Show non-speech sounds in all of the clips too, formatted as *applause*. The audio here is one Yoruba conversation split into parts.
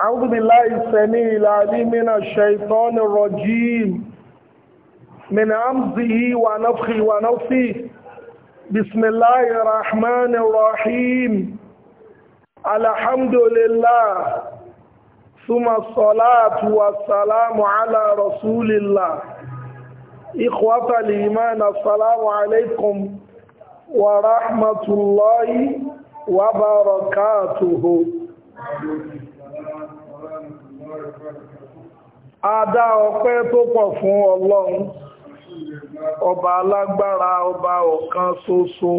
أعوذ بالله السميع العليم من الشيطان الرجيم من أمزه ونفخه ونفخه بسم الله الرحمن الرحيم الحمد لله ثم الصلاة والسلام على رسول الله إخوة الإيمان السلام عليكم ورحمة الله وبركاته adá ọpẹ́ tó pọ̀ fún ọlọ́run ọba alágbára ọba ọ̀kan soso.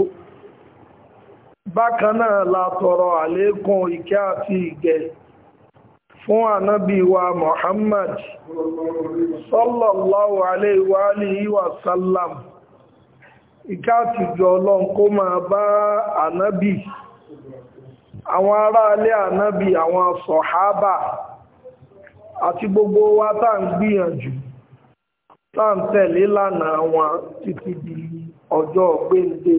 Bákanáà náà la tọrọ àlékún ìkẹ́ àti ìgẹ̀ fún ànábì wa Muhammad sallallahu alaihi wa alihi wa ìkẹ́ àti ìgẹ̀ ọlọ́run kó máa bá ànábì àwọn ará alẹ́ ànábì àwọn sọ̀hábà àti gbogbo wa tá ń gbìyànjú tá ń tẹ̀lé lánàá wọn títí di ọjọ́ gbéǹde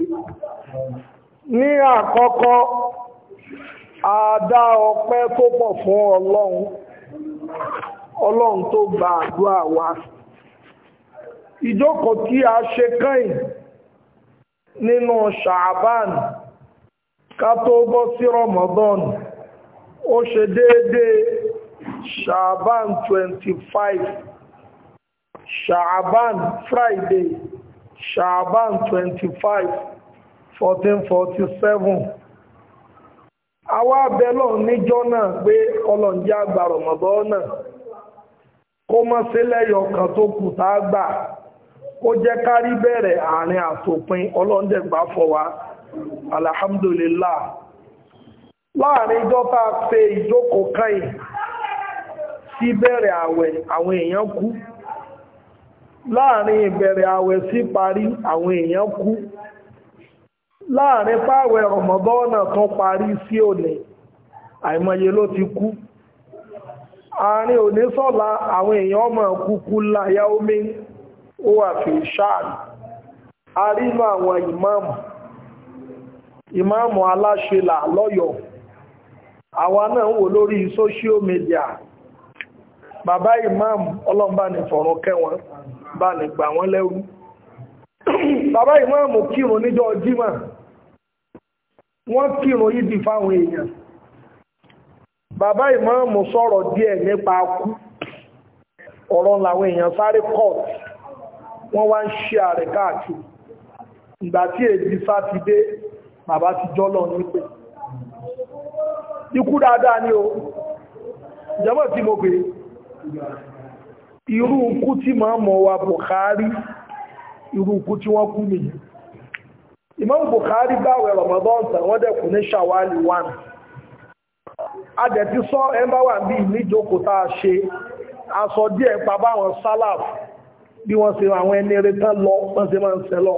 ní àkọ́kọ́ a dá ọpẹ́ tó pọ̀ fún ọlọ́run ọlọ́run tó gba àdúrà wa ìjókòó tí a ṣe kẹ́yìn nínú ṣàbán ká tó bọ́ sí rọmọdọ́nù ó ṣe déédéé Shaban 25, Shaban Friday, Shaban 25, 1447. Àwọn abẹ́lọ̀ níjọ́ náà pé ọlọ́njẹ́ àgbà Rọ̀mọ̀dọ́ náà kó mọ́ sílẹ̀ yọkàn gba kù tá gbà kó jẹ́ kárí bẹ̀rẹ̀ àárín àtòpin ọlọ́ndẹ̀gbà fọwà alhamdulillah láàrin ìjọ́ tá ìjókòó kẹ́yìn sí bẹ̀rẹ̀ àwẹ̀ àwọn èèyàn kú láàrin ìbẹ̀rẹ̀ àwẹ̀ sí parí àwọn èèyàn kú láàrin páwẹ̀ rọ̀mọ̀bọ́nà tó parí sí òní àìmọye ló ti kú àárín òní sọ́la àwọn èèyàn ọmọ kúkú láyá omi ó wà fi àwọn ìmáàmù ìmáàmù aláṣẹlà àwa náà wò lórí bàbá imam ọlọ́mbà ní fọ̀rọ̀ kẹwọn bá ní gbà wọ́n lẹ́rú bàbá imam kírun níjọ́ jímà wọ́n kírun yídi fáwọn èèyàn bàbá imam sọ̀rọ̀ díẹ̀ nípa kú ọ̀rọ̀ làwọn èèyàn sáré court wọ́n wá ń ṣe ààrẹ káàkiri ìgbà tí èdè sátidé bàbá ti jọ́lọ̀ nípe ikú dáadáa ni o ìjọba tí mo pè é irú ikú tí máa mọ̀ wa Bukhari irú ikú tí wọ́n kú nìyí Imam Bukhari gbàwẹ̀ Ramadan tàn wọ́n dẹ̀kù ní Shawali 1 ajẹ̀tí sọ ẹmbá wà bí níjókòó tá a ṣe aṣọ díẹ̀ pa báwọn sálàf bí wọ́n ṣe àwọn ẹni eré lọ wọ́n ṣe máa ń ṣe lọ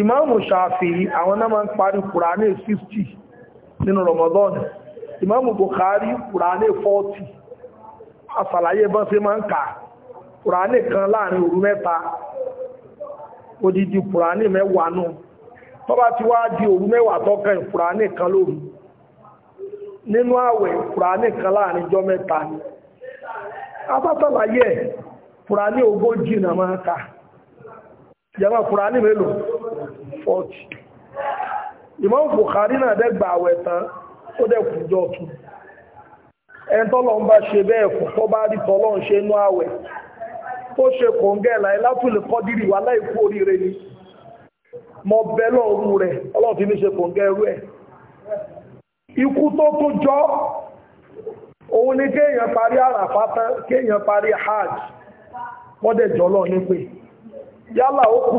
Imam Shafi'i àwọn náà máa ń parí Kùránì 60 nínú Ramadan Imam Bukhari Kùránì 40 àṣàlàyé bọ́n sí máa ń kà kùránì kan láàrin òru mẹ́ta odidi kùránì mẹ́wàá nù tó bá ti wá di òru mẹ́wàá tọ́kàn kùránì kan lóru nínú àwẹ̀ kùránì kan láàrin ọjọ́ mẹ́ta ni afásàlàyé ẹ̀ kùránì ogójì náà máa ń kà jàmá kùránì mélòó 40 Imam Bukhari náà dẹ́gbà àwẹ̀ tán ó dẹ́kùjọ́ tún ẹ̀ńtọ́lọ́ ń bá ṣe bá rí tọ́lọ́ ṣe inú tó ṣe wà láìkú oríire ni Mọ bẹ lọ́ọ̀rù rẹ̀ ọlọ́ọ̀tí ní ṣe kò ikú tó tó jọ òun kéèyàn parí àràfá tán kéèyàn parí hajj jọlọ yálà ó kú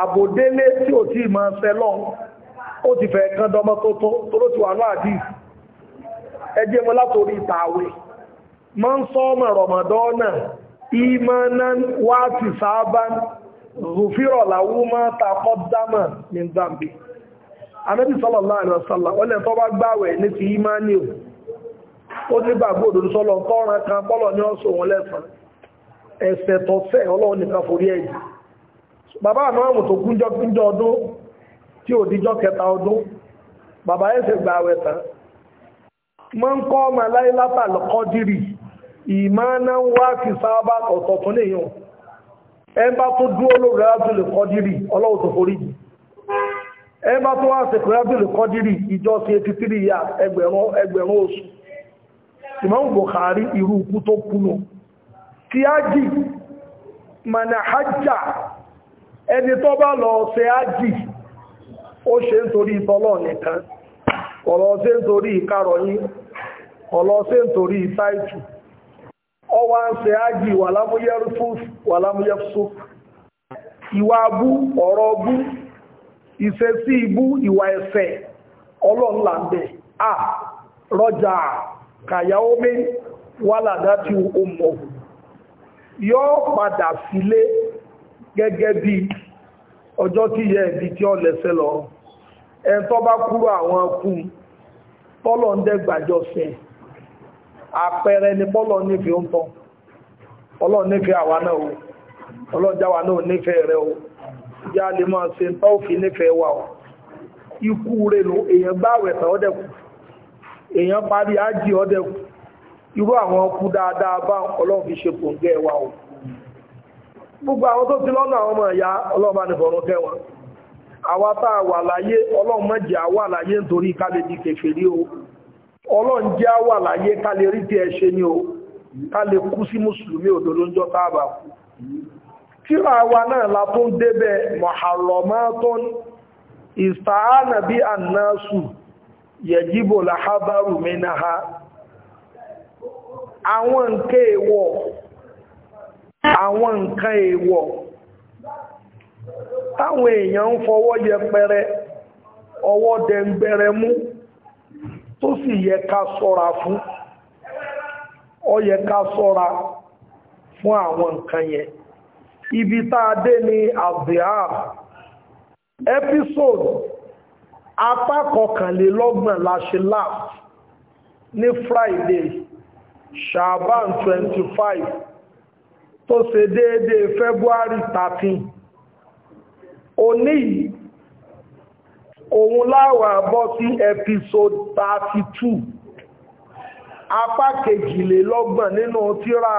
àbòdélé tí ò tí ì máa ẹjẹ́ mọ́ látòrí ìtàwé mọ́ ń sọ ọmọ rọmọdọ́nà ìmọ̀nán wá ti sáábá rùfírọ̀ làwú máa takọ́ dámà ní zambi anábì sallallahu alaihi wasallam ọlẹ́ tó bá gbàwẹ̀ ní ti ìmọ̀ní o ó ní gbàgbọ́ òdòdó sọ́lọ̀ tọ́ran kan pọ́lọ̀ ní ọ̀sọ̀ wọn lẹ́sàn ẹ̀ṣẹ̀ tọ́sẹ̀ ọlọ́run nìkan tí ò díjọ́ kẹta ọdún bàbá ẹ̀ṣẹ̀ gbàwẹ̀ tán man qama laylatal qadri imanan wa kisaba ọ̀tọ̀tún lèyàn ẹ bá tó dúró lórí Qadri ọlọ́wọ́ tó forí jì ẹ bá tó wá sí Qadri ìjọ 83 yà ẹgbẹ̀rún ẹgbẹ̀rún oṣù Imam Bukhari ọlọ́ọ̀sẹ́ nítorí ìkárọ̀ yín ọlọ́ọ̀sẹ́ nítorí táìtù ọwá ń ṣe ágì wà lámúyẹ́fúsù ìwà abú ọ̀rọ̀ ọbú ìṣesí ibú ìwà ẹ̀fẹ̀ ọlọ́ọ̀làǹdẹ̀ à rọjà kàyàómi wàlàdá tí ó mọ̀ yóò padà sílé gẹ́gẹ́ bí ọjọ́ tí yẹ ibi tí ọ lẹ́sẹ̀ lọ ẹ̀ntọ́ bá kúrò àwọn kùn tọ́lọ̀ ń dẹ́gbàjọ sí ẹ̀ àpẹẹrẹ ni pọ́lọ̀ nífẹ̀ẹ́ ń tọ́ ọlọ́ nífẹ̀ẹ́ àwa náà o ọlọ́jáwa náà nífẹ̀ẹ́ rẹ o já lè máa ṣe tọ́ òfì nífẹ̀ẹ́ wa o ikú rẹ̀ lò èèyàn gbáwẹ̀ tán ọdẹ̀kù èèyàn parí ájì irú àwọn ọkú dáadáa bá ọlọ́run fi ṣe kò ń gẹ́ wa o gbogbo àwọn tó ti lọ́nà àwọn ọmọ ìyá ọlọ́run bá ní awata tá a wà láyé ọlọ́run má jẹ́ àwa láyé nítorí ká o ọlọ́run jẹ́ àwa láyé ká lè rí tí ẹ ṣe ní o ká lè kú sí mùsùlùmí òdodo ń jọ táàbà kú tíra wa náà la tó ń débẹ̀ muharramatun ista'ana bí annasu yajibu lahadaru minaha àwọn táwọn èèyàn ń fọwọ́ yẹpẹrẹ ọwọ́ dẹ̀ǹgbẹ̀rẹ̀ mú tó sì yẹ ká sọ́ra fún ó ká sọ́ra fún àwọn nǹkan yẹn ibi tá a dé ní abdihar episode apá kọkànlélọ́gbọ̀n la ṣe last ní Friday Shaban 25 tó ṣe déédéé February 13 òní yìí òun láwà bọ́ sí episode 32 apá kejìlélọ́gbọ̀n nínú tírà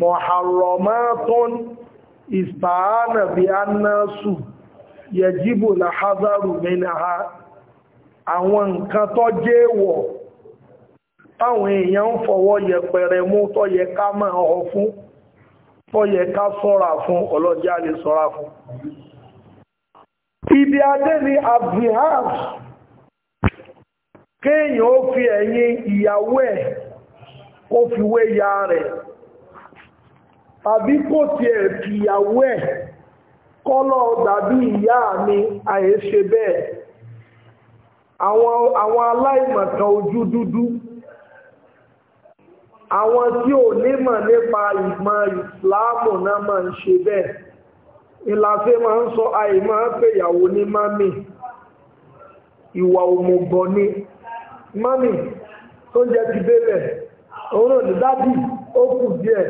mọ̀hàrọ̀mọ́tún ìsbàánà bí a náà sù yẹjíbò láházáàrù mẹ́nàá àwọn nǹkan tó jẹ́ wọ̀ táwọn èèyàn ń fọwọ́ yẹpẹrẹ mú tó yẹ ká máa ọ fún tó yẹ ká sọ́ra fún ọlọ́jà lè sọ́ra fún ibi adé ni abdihaj kéèyàn ó fi ẹ̀yìn ìyàwó ẹ̀ kó fi wé ya rẹ̀ àbí kò tiẹ̀ fi ìyàwó ẹ̀ kọ́lọ̀ dàbí ìyá mi àyèṣe bẹ́ẹ̀ àwọn aláìmọ̀kan ojú dúdú àwọn tí ò nímọ̀ nípa ìmọ̀ ìsìláàmù náà máa ń ṣe bẹ́ẹ̀ ìlàfẹ́ máa ń sọ àìmá pèyàwó ní mami ìwà òmùgbọ̀ ni mami tó jẹ́ ti bẹ́lẹ̀ òun náà ní dádì ó kù díẹ̀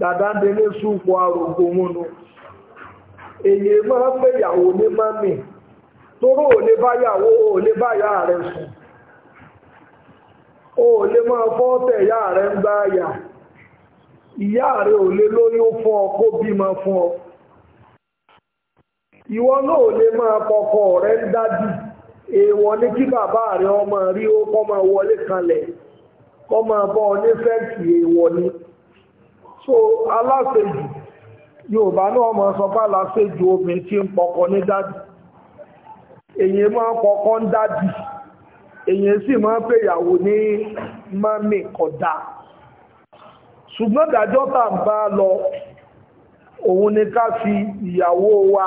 dàdá ń délé àrògbò múnu èyí máa pèyàwó ní mami toró ò lè báyàwó ò lè báyà rẹ̀ sùn ò lè máa fọ́ọ̀tẹ̀ ìyá rẹ̀ ń gbáyà ìyá rẹ̀ ò lè lóyún fún ọ kó bímọ fún ọ ìwọ náà ò lè máa kọkọ rẹ ń dájú èèwọ̀ ní kí bàbá rẹ ọmọ rí ó kọ́ máa wọlé kanlẹ̀ kọ́ máa bọ́ ọ ní fẹ́ǹsì èèwọ̀ ni so aláṣejù yorùbá náà mọ̀ sọ pé aláṣejù obìnrin tí ń pọkọ ní dájú èyí máa kọkọ ń dájú èyí sì máa pè ìyàwó ní mami kódà ṣùgbọ́n ìdájọ́ tá à ń bá lọ òun ni ká fi ìyàwó wa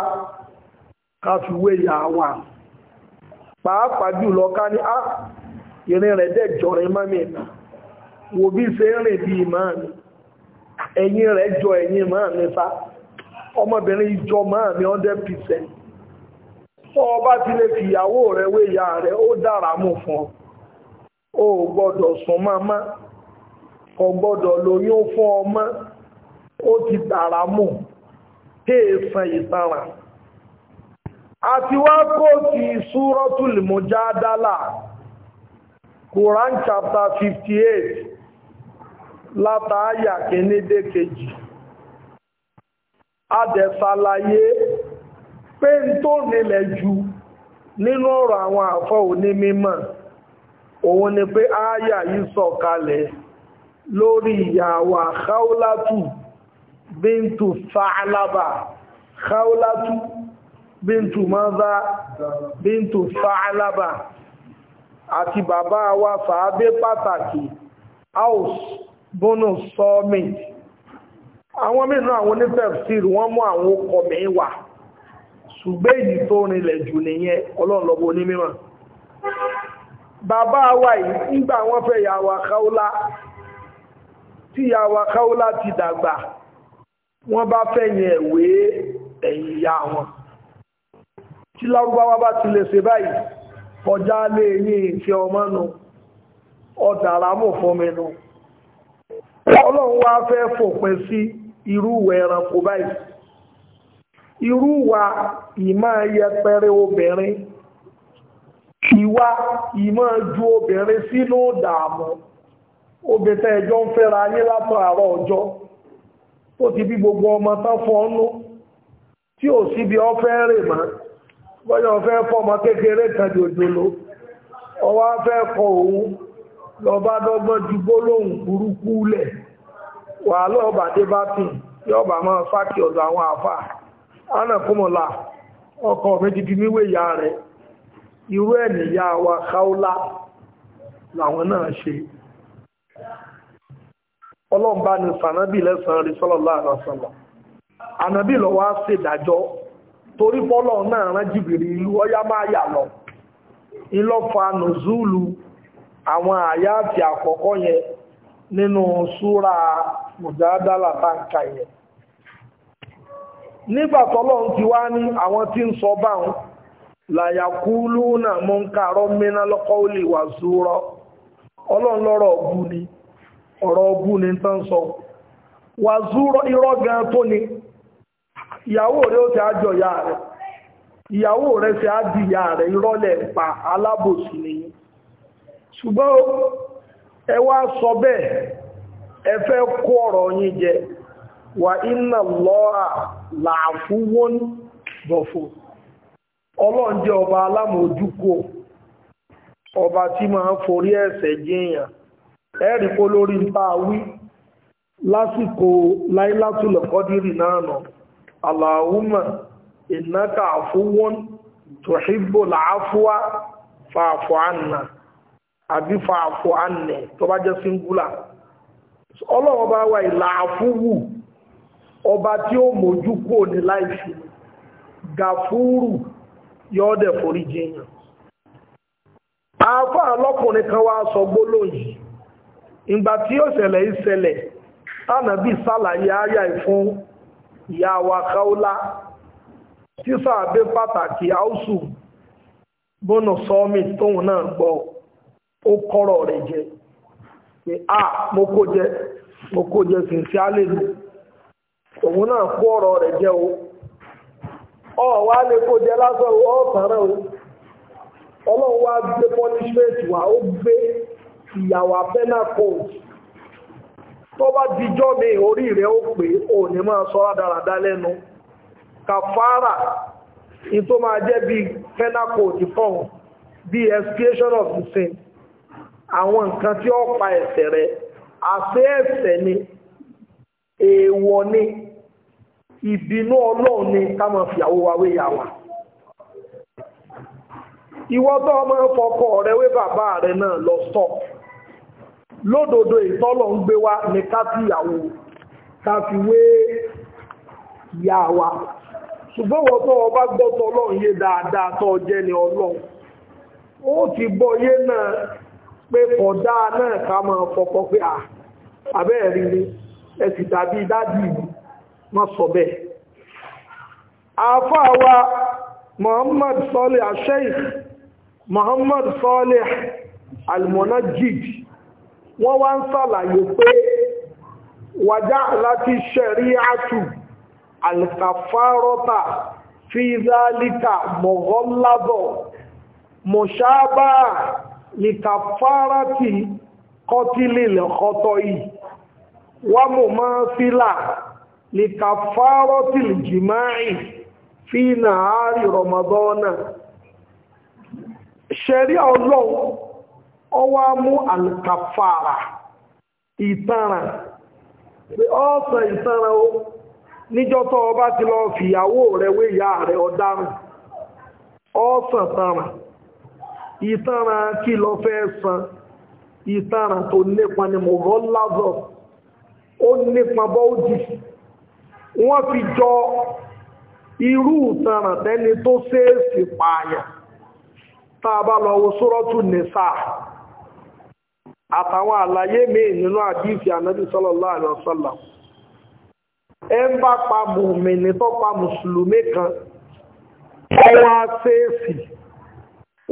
káfíwé ìyá wà pàápàá jùlọ ká ní á ah, ìrìn rẹ̀ dẹ̀ jọrin mọ́mí ìná wò bí ń rìn bí mi ẹ̀yìn rẹ̀ jọ ẹ̀yìn ìmọ̀ mi fa ọmọbìnrin jọ mọ́ mi 100% tó o bá ti lè rẹ̀ wé ìyá rẹ̀ ó dára mú fún ọ gbọ́dọ̀ sùn mọ́má kò gbọ́dọ̀ lóyún fún ọmọ ó ti dára mú àti wá kó ti súrọ́tul mujadala Quran chapter 58 látàáyà kìínídé kejì adẹ̀sàlàyé pé ń tó nílẹ̀ jù nínú ọ̀rọ̀ àwọn àfọ́ òní mímọ̀ òun ni pé ááyà yìí sọ̀kalẹ̀ lórí ìyàwó Khawlatu bíntu Sa'laba Khawlatu bíntù mọ́dá bíntù fa'alaba àti bàbá wa sàábé pàtàkì Aus bónú sọ́ọ̀mì àwọn mìíràn àwọn onítẹ̀fsir wọ́n mú àwọn okọ̀ mẹ́wàá ṣùgbẹ́ èyí tó rinlẹ̀ jù nìyẹn ọlọ́ọ̀lọ́bọ̀ onímọ̀ bàbá wa yìí nígbà wọ́n fẹ́ yàwà káúlá tí yàwà káúlá ti dàgbà wọ́n bá fẹ̀yìn ẹ̀wé ẹ̀yìn ìyá wọn tí lárúbáwá bá ti lè ṣe báyìí kọjá lé yìí tí ọmọ nù ọ̀dà àrámù fún mi nù ọlọ́run wá fẹ́ fòpin sí irú ìwà ẹranko báyìí irú ìwà ìmọ̀ yẹpẹrẹ obìnrin ìwà ìmọ̀ ju obìnrin sínú dààmú obìnrin ẹjọ́ ń fẹ́ra yín látọ̀ àárọ̀ ọjọ́ tó ti bí gbogbo ọmọ tán fọ́nú tí ò síbi ọ́fẹ́ rè mọ́ bọ́yọ̀ fẹ́ fọ́mọ kékeré kan jòjòló ọwá fẹ́ kọ òun lọ́bá dọ́gbọ́n ju gbólóhùn burúkú lẹ̀ wà lọ́ọ̀bà dé bá tún yọ́ọ̀bà máa fákì ọ̀dọ̀ àwọn àfà ánàkúmọ̀lá ọkọ̀ méjì níwé ìyá rẹ̀ irú ẹ̀ wa káúlá làwọn náà ṣe ni sànábì lẹ́sàn-án rí sọ́lọ́lá torí bọ́lọ̀ náà rán jìbìrì ìlú ọyá máa yà lọ ìlọ́fà nùzúlù àwọn àti àkọ́kọ́ yẹn nínú súra mùjádálà báńkà yẹn nígbà ti wá ní àwọn tí ń sọ báwọn làyàkúlù náà mọ́ ń kààrọ́ mẹ́ná lọ́kọ́ ó lè wà súrọ́ ọlọ́run lọ́rọ̀ ni ọ̀rọ̀ wà súrọ́ irọ́ gan tó ni ìyàwó rẹ̀ ó ti àjọ ìyá rẹ̀ ìyàwó rẹ̀ ti àdì ìyá rẹ̀ ìrọ́lẹ̀ pa alábòsí nìyí ṣùgbọ́n ẹ wá sọ bẹ́ẹ̀ ẹ fẹ́ kó ọ̀rọ̀ yín jẹ wà iná lọ́ra làáfúwọ́n bọ̀fọ̀ ọlọ́run ọba alámòójúkò ọba tí máa ń forí ẹ̀ṣẹ̀ jíyàn ẹ̀rí kó lórí ń bá wí lásìkò láìlátùlọ̀kọ́dírì náà Allahumma innaka afuwun tuhibbu làáfúwá fàáfù ànà abi fàáfù ànà tó bá jẹ́ singular ọlọ́wọ́ bá ọba tí o moju kúrò ní láìsí Gafuru yóò forí jiyàn àáfà lọ́kùnrin kan wá sọ gbólóhùn tí ó ṣẹlẹ̀ ìṣẹlẹ̀ ìyá wa káúlá tíṣà abé pàtàkì áùsù bọ́nà sọ́ọ́mì tóun náà gbọ́ ó kọ́rọ̀ rẹ̀ jẹ pé a mo kó jẹ mo kó jẹ sìnsì álèlú òun náà kó ọ̀rọ̀ rẹ̀ jẹ o ọ̀ wá lè kó jẹ lásán o ọ̀ tààrà o ọlọ́run wá gbé punishment wá ó gbé ìyàwó abẹ́nà coach tó bá dijọ́ mi orí rẹ̀ ó pé ò ní máa sọ rádaràdá lẹ́nu kàfàrà in tó máa jẹ́ bí penal code fọ́hùn bí expiation of the sin àwọn nǹkan tí ó pa ẹ̀ṣẹ̀ rẹ̀ àṣẹ ẹ̀ṣẹ̀ ni èèwọ̀ ni ìbínú ọlọ́run ni ká máa fìyàwó wa wé yàwá ìwọ tó ọmọ ọkọ rẹ wé bàbá rẹ náà lọ stop lododo ìtọ́lọ̀ ń gbé wá ní káfí ìyàwó káfí wa ṣùgbọ́n wọ́n ọba gbọ́tọ̀ ọlọ́run yé dáadáa tó jẹ́ ni ọlọ́run ó ti gbọ́ yé náà pé kọ̀dá náà ká máa fọpọ́ pé à abẹ́ẹ̀rí ni wa almonajid wọ́n wá ń sàlàyé pé wàjá láti ṣẹ̀rí àtù alkafárọ́ta fíìzálítà mọ̀gọ́lábọ̀ mọ̀ṣábà lìkàfárátì kọtílìlẹ̀ kọtọ̀ yìí wà mọ̀ máa fílà lìkàfárátì jìmáì fíìnà àárí rọmọdọ́nà ṣẹ̀rí ọlọ́run ọ wá mú àlùkàfàrà ìtanràn pé ọ̀sán ìtanràn ó o bá ti lọ fìyàwó rẹ̀ wé ìyá rẹ̀ ọ̀daràn ọ̀sán tanràn ìtanràn kí lọ fẹ́ san ìtanràn tó nípa ni mo rọ́ lázọ̀ ó nípa bọ́ọ̀dì wọ́n fi jọ irú ìtanràn tẹ́ni tó ṣeéṣì pààyàn tá a bá lọ nìsáà àtàwọn àlàyé míì nínú àdífì ànábì sallallahu alaihi wasallam ẹ ń bá pa mùmìnì tó pa mùsùlùmí kan ọwọ́ àṣẹ́ẹ̀sì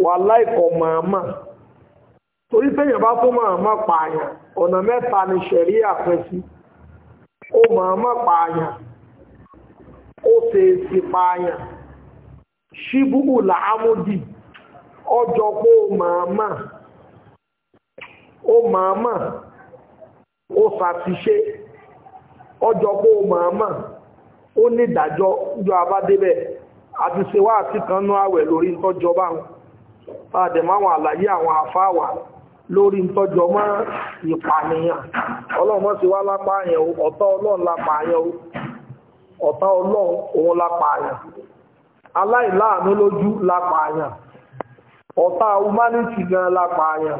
wà láìkọ̀ màmá torí téèyàn bá tó màmá pààyàn ọ̀nà mẹ́ta ni ṣẹ̀rí àpẹsí ó màmá pààyàn ó ṣèèsì pààyàn ṣíbùkù làámúdì ọjọ́ pé ó màmá ó màámà ó ṣàfiṣe ọjọ́ pé ó màámà ó ní ìdájọ́ jọ abádébẹ̀ àti ṣèwá àti kanú àwẹ̀ lórí ntọ́jọba ń pàdé àlàyé àwọn àfáwà lórí ntọ́jọ mọ́ ìpànìyàn ọlọ́mọ sí wá lápá àyàn ọlọ́run lápá àyàn ọlọ́run òun lápá àyàn aláìláàánú lójú lápá àyàn ọ̀tá humanity gan lápá àyàn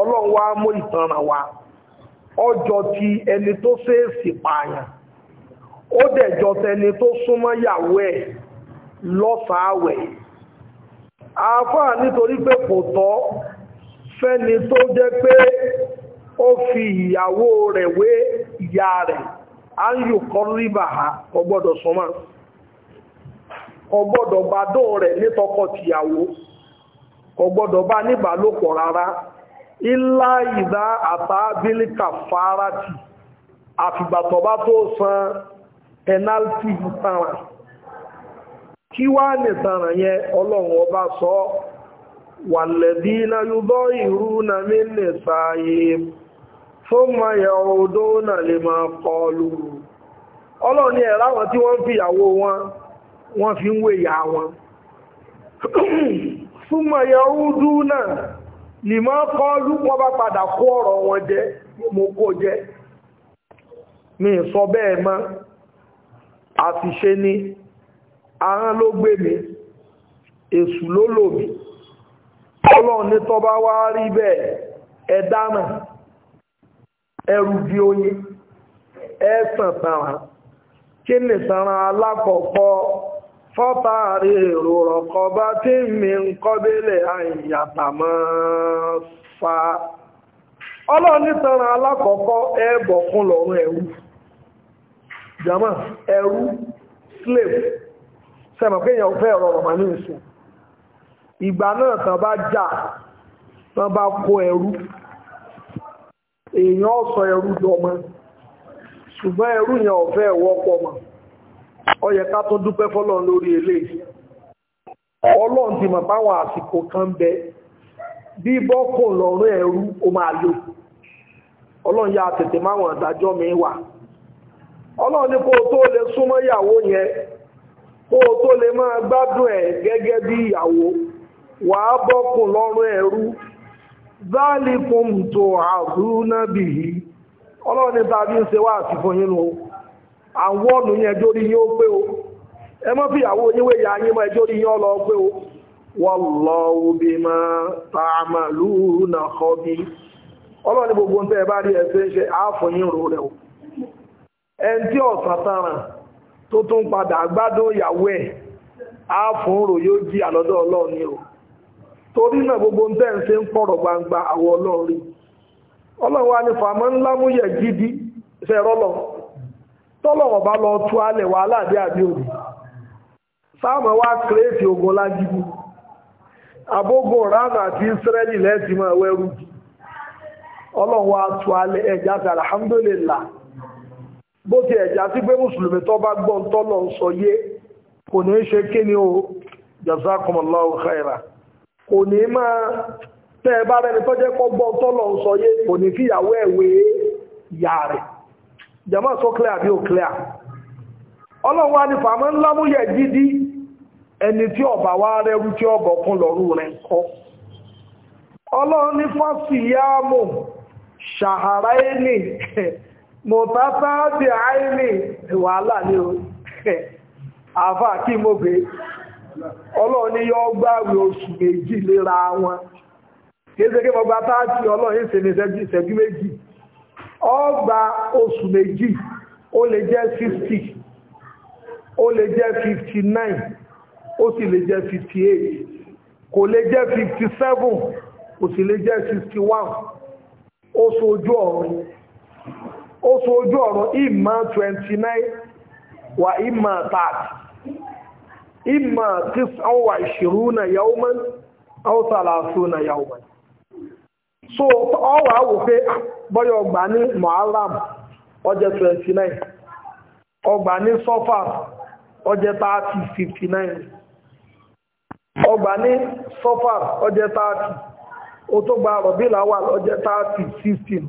ọlọ́wọ́ wá mú wa ọjọ́ ti ẹni tó ṣèèṣì pààyàn ó dẹ̀jọ́ tẹni tó súnmọ́ yàwó ẹ̀ lọ́sàáwẹ̀ àáfàá nítorí pé kò tọ́ fẹ́ni tó jẹ́ pé ó fi ìyàwó rẹ̀ wé ìyá rẹ̀ áyù kọrìbà ha súnmọ́ kò bá dóò rẹ̀ tìyàwó bá ilá ìdá àtàbílì kàfàárátì àfìgbàtọ̀bá tó san penalty tààrà kí wá ní tara. yẹn ọlọ́run ọba sọ wàlẹ̀dí iná yúbọ́ ìrú na mílẹ̀ sáàyè fún mayẹ̀ ọdọ́ náà lè máa kọlu ọlọ́run ni wọn tí wọ́n fi ìyàwó wọn wọ́n fi ń wé wọn fún mayẹ̀ ọdọ́ lìmọ́ kọ́ lúpọ̀ bá padà kó ọ̀rọ̀ wọn jẹ́ mo kó jẹ́ mi sọ bẹ́ẹ̀ mọ́ àfiṣe ni aràn ló gbé mi èṣù ló lò mí ọlọ́run ní tọ́ bá wá rí bẹ́ẹ̀ ẹ dáná ẹrù bí oyin ẹ tàrà kí nìtàrà alákọ̀ọ́kọ́ fọ́tàrí ìrọ̀rọ̀ kọba tí mi ń kọ́bílẹ̀ àìyàtàmọ́ fa ọlọ́nìtànrà alákọ̀ọ́kọ́ ẹ̀bọ̀ fún lọ́rùn ẹ̀rú jama ẹ̀rú slave sẹ́mọ̀ pé èèyàn fẹ́ ọ̀rọ̀ rọ̀mà ní ìsìn ìgbà náà tán bá jà bá kó ẹ̀rú ọ̀sọ̀ ẹ̀rú ṣùgbọ́n ẹ̀rú yẹn ọ̀fẹ́ mọ́ ó yẹ ká tún dúpẹ́ fọ́lọ́run lórí eléyìí ọlọ́run ti mọ̀ báwọn àsìkò kan bẹ bí bọ́kù lọ́rùn ẹ̀rú ó máa lò ọlọ́run yá tètè máwọn ìdájọ́ mi wà ọlọ́run ní kó o tó lè súnmọ́ ìyàwó yẹn kó o tó lè máa gbádùn ẹ̀ gẹ́gẹ́ bí ìyàwó Wà á bọ́kù lọ́rùn ẹ̀rú zálìkùn tó àrùn náà bìyí ọlọ́run ní tàbí ń ṣe wá àsìkò yín nù àwọn ọ̀nù yẹn ẹjọ́ orí yín pé o ẹ mọ́ fi ìyàwó yín wéyà yín mọ́ ẹjọ́ orí yín ó lọ pé na wallahu bima ta'maluna khabir ọlọ́ni gbogbo ń bá rí ẹsẹ̀ ṣe yín o ẹn tí ọ̀sán taràn tó tún padà gbádùn ìyàwó ẹ̀ àáfọ̀ rò yóò jí àlọ́dọ̀ o torí náà gbogbo ń ń gbangba àwọ̀ ọlọ́rin wa ní fàmọ́ ńlá múyẹ̀ gidi tọ́lọ̀wọ̀ bá lọ tú alẹ̀ wà aláàbí àbí òní sáàmù wá kírèsì ogun lágídí àbógun ránà àti Ísírẹ́lì lẹ́sì máa wẹ́rú ọlọ́wọ́ tú alẹ̀ ẹ̀já sí alhamdulillah bó ti ẹ̀já sí pé mùsùlùmí tó bá gbọ́n tọ́lọ̀ ń sọ yé kò ní ṣe kí ni o jazakumullahu khaira kò ní máa tẹ́ ẹ bá rẹni tó kọ́ gbọ́n tọ́lọ̀ ń sọ yé kò ní fìyàwó ẹ̀wé yà jama so clear bí o clear ọlọ́run wá ní ńlá mú yẹ ọba wá rẹrú tí ọbọ̀ kún lọ́rù rẹ̀ kọ́ ọlọ́run ní fásiyámù ṣàhàrá ẹni mọ̀tátá ti àìní wàhálà ní o àfà kí mo bè ọlọ́run ní yọ oṣù méjì wọn kí kí mo gba ọgbà oṣù méjì ó lè jẹ́ 50 ó lè jẹ́ 59 ó sì lè jẹ́ 58 kò lè jẹ́ 57 kò sì lè jẹ́ 61 oṣù ojú ọ̀run oṣù ojú ọ̀run ìmọ̀ 29 wà ìmọ̀ 30 ìmọ̀ 9 wà ìṣirú na yàwó mọ́ àwọn sàlàsù na ya mọ́ so ọwà wò pé ah, bọ́yọ̀ ọgbà ní muharram ọjẹ́ 29 ọgbà ní sọ́fà ọjẹ́ 30 59 ọgbà ní sọ́fà ọjẹ́ 30 o tó gba rọ̀bílà wà ọjẹ́ 30 16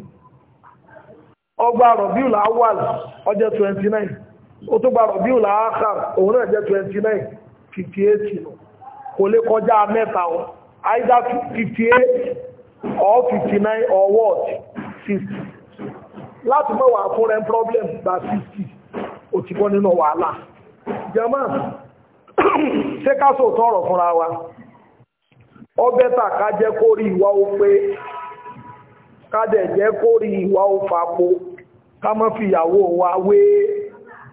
ọgbà rọ̀bílà wà ọjẹ́ 29 o tó gba rọ̀bílà áhà òun náà jẹ́ 29 58 kò lè kọjá mẹ́ta ọ̀ either 58 or 59 or what 60 láti mọ́ wà fún rẹ̀ problem gba 60 ò ti bọ́ nínú wàhálà jama *clears throat* ṣé ká tọrọ fúnra wa ọbẹ̀ tà ká jẹ́ kó rí ìwà ó pé ká dẹ̀ jẹ́ kó rí ìwà ó fapo ká má fi ìyàwó wa wé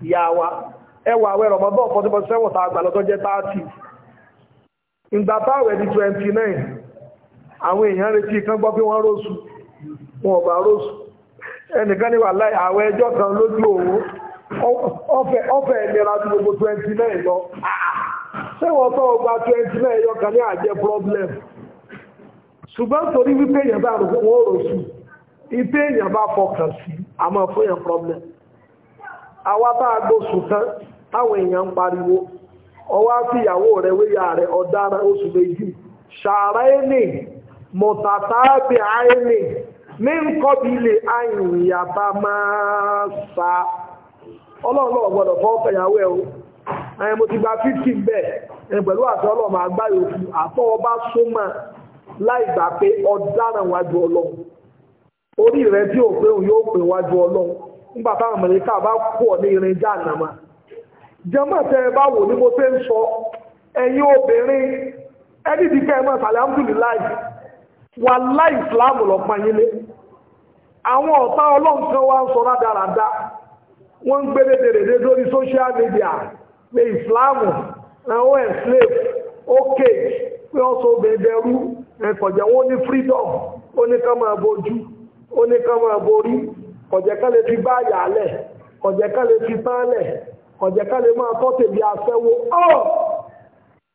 ìyá wa ẹwà àwẹ̀ rọ̀mọ́dọ́ 47 tàgbà lọ́tọ́ jẹ́ 30 ìgbà táwẹ̀ di 29 àwọn èèyàn retí kan gbọ́ pé wọ́n rósù wọn ọ̀bà rósù ẹnìkan ní wà láì àwọn ẹjọ́ kan lójú owó ọ̀fẹ́ ìlera tí gbogbo 29 lọ ṣé wọ́n ọgbà 29 yọkan ní àjẹ́ problem ṣùgbọ́n torí wípé èèyàn bá rò wọ́n rósù ìpé èèyàn bá fọkàn sí àmọ́ fún èèyàn problem àwa bá agbóṣù kan. táwọn èèyàn ń pariwo ọwá sí ìyàwó rẹ̀ wéyà rẹ̀ ọ̀daràn oṣù méjì ṣàárá ẹni mụtatabi aini min kọbili ayin yaba máa sa ọlọ́ọ̀lọ́ ọ̀gbọ́dọ̀ fọ́ fẹ̀yàwó o ẹ̀yìn mo ti gba 15 bẹ́ẹ̀ ẹ̀yìn pẹ̀lú àti agbaye agbáyé òfin ọba súnmọ́ pe orí rẹ̀ tí ò pé òun yóò pè wájú ọlọ́run nígbà táwọn bá pọ̀ ní jẹ́mọ̀ tẹ́ ẹ bá wò ní wàlá ìsìláàmù lọ́pàá yílé àwọn ọ̀tá ọlọ́nkan wá ń wọ́n ń lórí social media pé àwọn pé wọ́n so ẹ̀kọ̀jẹ̀ wọn ní freedom ó ní ká máa bojú ó lè fi bá lẹ̀ kọ̀jẹ̀ ká lè fi tán lẹ̀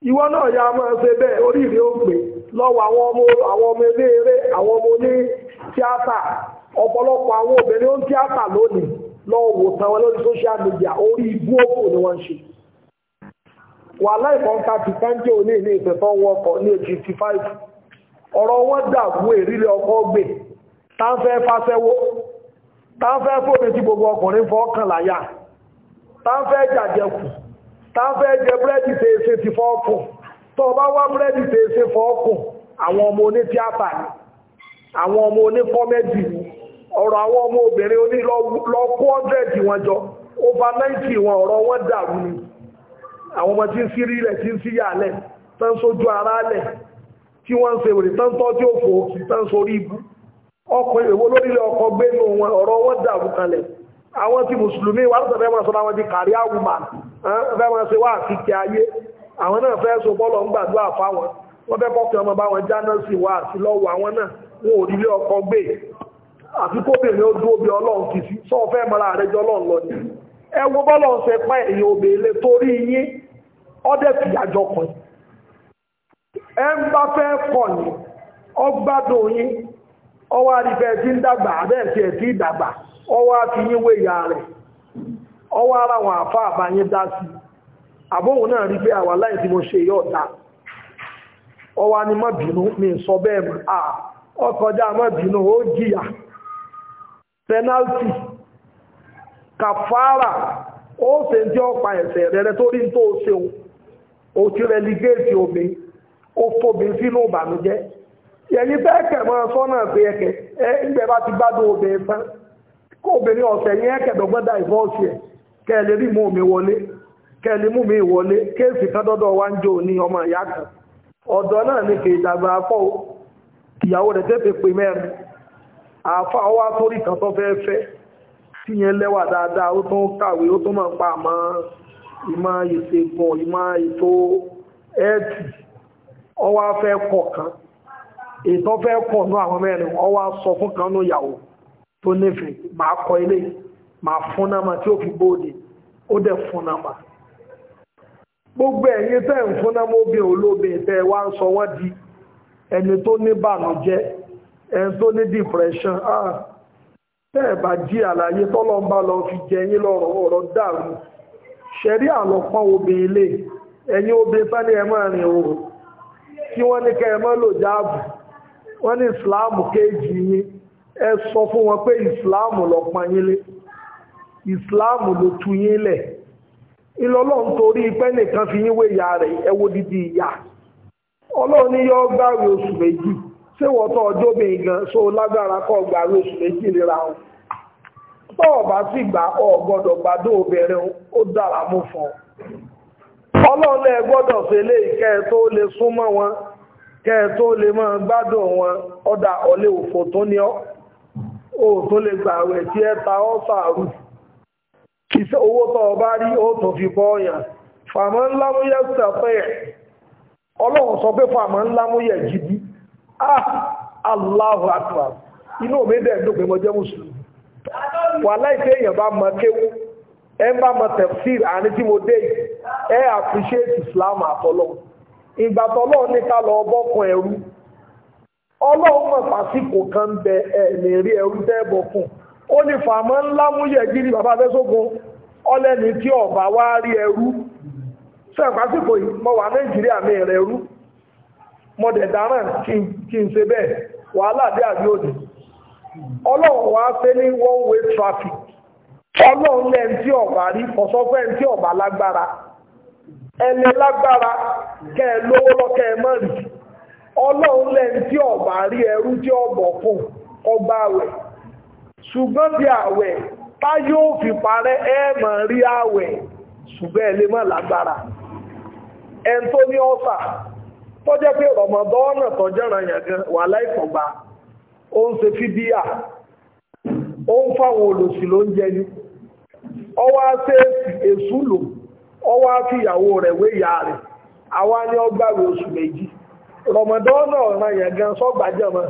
iwọ náà ya máa ṣe bẹ́ẹ̀ oríire ó pè lọ́wọ́ àwọn ọmọ àwọn ọmọ eléré àwọn ọmọ oní tíátà ọ̀pọ̀lọpọ̀ àwọn obìnrin ó ń tíátà lónìí lọ́wọ́ wò tán wọn lórí social media orí ibú òkú ni wọ́n ń ṣe wà láìpọ́n ta ti kánjẹ́ òní ní ìfẹ̀fọ́ wọn ọkọ̀ ní eighty five ọ̀rọ̀ wọn dàbú èrílé ọkọ̀ gbè táńfẹ́ fáṣẹ́wó táńfẹ́ fòmìtì gbogbo ọkùnrin fọ́ kàn láyà táńfẹ́ jàjẹkù táfẹ́ jẹ búrẹ́dì tẹ́ ṣe ti fọ́ọ̀kùn tó bá wá búrẹ́dì tẹ́ ṣe fọ́ọ̀kùn àwọn ọmọ oní tíátà ni àwọn ọmọ oní kọ́mẹ́dì ni ọ̀rọ̀ àwọn ọmọ obìnrin oní lọ́kọ́ wọn jọ over ninety wọn ọ̀rọ̀ wọn dàrú ni àwọn ọmọ tí ń sí rílẹ̀ tí ń sí yàlẹ̀ tó ń sójú ara lẹ̀ tí wọ́n ń ṣe wèrè tó ń tọ́ tí ó fò kì tó ń sorí ibú ọkùnrin èwo wọn ọ̀rọ̀ wọn dàrú fẹ́ wọn ṣe wá àfikẹ́ ayé àwọn náà fẹ́ so bọ́ọ̀lù ń gbàdúrà fáwọn wọ́n fẹ́ kọ́kẹ́ bá wọn jáná sí wá àti lọ́wọ́ àwọn náà wọn ò nílé ọkọ̀ gbé àti kóbìnrin ó dúró bí ọlọ́run kì sí sọ fẹ́ mọ́ra ọlọ́run lọ ọwọ́ ara wọn àfá àbáyé dá sí àbóhùn náà rí pé àwà láì tí mo ṣe yóò dá ọwá ni má bínú mi sọ bẹ́ẹ̀ mọ́ à ọkọjá má bínú ó jìyà penalty kàfàrà ó ṣe tí ó pa ẹ̀ṣẹ̀ rẹ̀ torí tó ṣeun ó ti relegate omi ó tóbi sínú ìbànújẹ́ yẹ̀yí bẹ́ẹ̀ kẹ̀mọ́ sọ́nà pé ẹ̀kẹ́ ẹ̀ bá ti gbádùn obìnrin tán kó ọ̀sẹ̀ yẹn kẹ̀dọ̀gbọ́dà ìfọ́ọ̀sì ẹ̀ kẹ́ẹ̀lẹ́ rí mú mi wọlé kẹ́ẹ̀lẹ́ mú mi wọlé kéèsì kan wá ń jò ní ọmọ ìyá kan náà ní ìyàwó rẹ̀ tẹ́fẹ́ mẹ́rin àfá ọwá kan tó fẹ́ fẹ́ tí yẹn lẹ́wà dáadáa ó tún kàwé ó tún máa pa àmọ́ ìmọ̀ ìṣègùn ìmọ̀ ètò ọwá fẹ́ ètò fẹ́ àwọn mẹ́rin ọwá sọ kọ ilé máa fún náà tí ó ó dẹ̀ fún gbogbo ẹ̀yin tẹ́ ń fún nàmà obìnrin olóbe tẹ́ wá ń sọ di ẹni tó ní bànújẹ́ ẹni tó ní depression ah tẹ́ ẹ̀ bá jí àlàyé tọ́lọ́ lọ fi jẹ yín lọ́rọ̀ ọ̀rọ̀ dàrú ṣẹ̀rí àlọ́pọ̀ obìnrin lè ẹ̀yin obìnrin fẹ́ ní ẹ máa rìn òòrùn kí wọn ní kẹ́ ẹ má lò jáàbù wọn ní ìsìláàmù kéèjì yín ẹ sọ fún wọn pé ìsìláàmù lọ́pọ̀ yín lé islam ló tú yín lẹ̀ ìlọ́lọ́run torí pẹ́ nìkan fi yín wé ìyá rẹ̀ ẹ dídí ìyá ọlọ́run ní yọ gbáre oṣù méjì ṣé wọ́n tọ́ ọjọ́ bẹ́ẹ̀ gan so lágbára kọ́ gbàwé oṣù méjì lera wọn tó sì gbà ọ gbọ́dọ̀ obìnrin ó dára mú fún gbọ́dọ̀ kẹ́ ẹ tó lè súnmọ́ wọn kẹ́ ẹ tó lè gbádùn wọn iṣẹ́ owó tó bá rí ó tó fi kọ́ ọ̀yàn fàmọ́ ńlá mú yẹ sẹ́pẹ́ ọlọ́run sọ pé fàmọ́ ńlá mú yẹ jìdí ah Allahu akbar inú mi dẹ̀ ń dògbé mọ́jẹ́ mùsùlùmí wà láìpẹ́ èèyàn bá mọ kéwú ẹ ń bá mọ tẹ̀fsíìr ọlọ́run mọ̀ pàṣípò kan bẹ ẹ̀ lè rí ẹrú tẹ́ fún ó ní fàmọ́ ńlá mú yẹ bàbá fẹ́ sógun ọlẹ́ni tí ọba wá rí ẹrú sẹ́ǹpásìkò mọ́ wà nàìjíríà mi rẹ̀ rú mọ́dẹ̀ kí n ṣe bẹ́ẹ̀ wàhálà dé àbí òdì ọlọ́run wá fẹ́ ní one way traffic ọlọ́run lẹ́ni tí ọba rí ọ̀sọ́fẹ́ tí ọba lágbára ẹni lágbára ẹ lówó lọ́kẹ́ ẹ rí ọlọ́run lẹ́ni ọba rí ẹrú tí ọbọ̀ fún ọgbà àwẹ̀ ṣùgbọ́n tá yóò fi parẹ́ ẹ máa rí àwẹ̀ ṣùgbẹ́ ẹ lè má lágbára ẹn tó ní ọ́sà tó jẹ́ pé rọmọdọ́ọ̀nà tó jẹ́ràn yẹn gan wà láìfọ̀gbà ó ń ṣe fídíà ó ń fáwọn olùsì ló ń jẹ ní ọwọ́ á èsù lò ọwá fi ìyàwó rẹ̀ wé ìyá rẹ̀ àwa ni ọgbàwé oṣù méjì rọmọdọ́ọ̀nà ọ̀ràn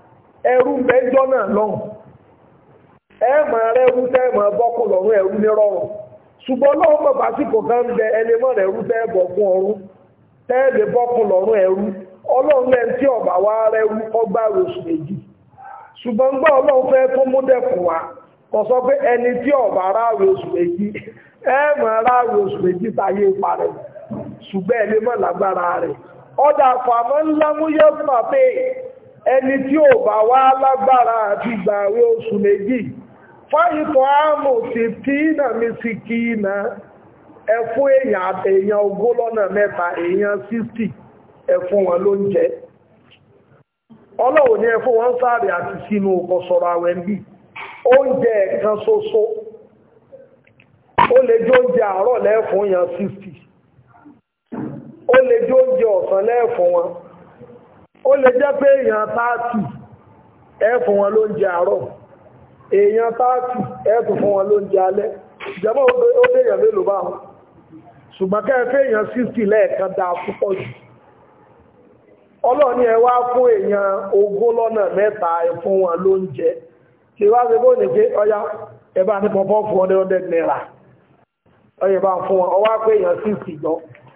ẹrú mẹ́jọ náà lọ́hùn ẹ máa rẹ́rú tẹ́ bọ́kù lọ́rùn ẹrú ní rọrùn ṣùgbọ́n lọ́wọ́ mọ̀ básìkò kan bẹ ẹni mọ̀ rẹ́rú tẹ́ bọ̀ fún ọrùn tẹ́ bọ́kù lọ́rùn ẹrú ọlọ́run tí ọ̀bà wa ọgbà oṣù méjì ṣùgbọ́n gbọ́ ọlọ́run fẹ́ tó mú kò ẹni tí ò bá wá lágbára àti gbàwé oṣù méjì fáyìtọ̀ áàmù sí tíínà mi sí kíínà ẹfún èèyàn àtẹ̀yàn ogólọ́nà mẹ́ta èèyàn 60 ẹfún wọn ló ń jẹ ọlọ́wọ̀ ní ẹfún wọn sáàrì àti sínú ọkọ̀ sọ̀rọ̀ àwẹ̀ bí oúnjẹ ẹ̀kan soso. ó lè jẹ oúnjẹ àárọ̀ lẹ́ẹ̀fún yàn 60 ó lè jẹ oúnjẹ ọ̀sán lẹ́ẹ̀fún wọn ó lè jẹ́ pé èèyàn táàtì ẹ fún wọn lóúnjẹ àárọ̀ èèyàn táàtì ẹ tún fún wọn lóúnjẹ alẹ́ ìjọba ó dé èèyàn mélòó bá wọn ṣùgbọ́n kẹ́ẹ̀fẹ́ èèyàn 60 lẹ́ẹ̀kan dá púpọ̀ jù ọlọ́run ni ẹ wá fún èèyàn ogún lọ́nà mẹ́ta ẹ fún wọn lóúnjẹ kí wá sí bóyá pé ọya ẹ bá ní pọpọ fún ọdẹ ọdẹ náírà ọyẹ bá fún wọn ọwá pé èèyàn 60 jọ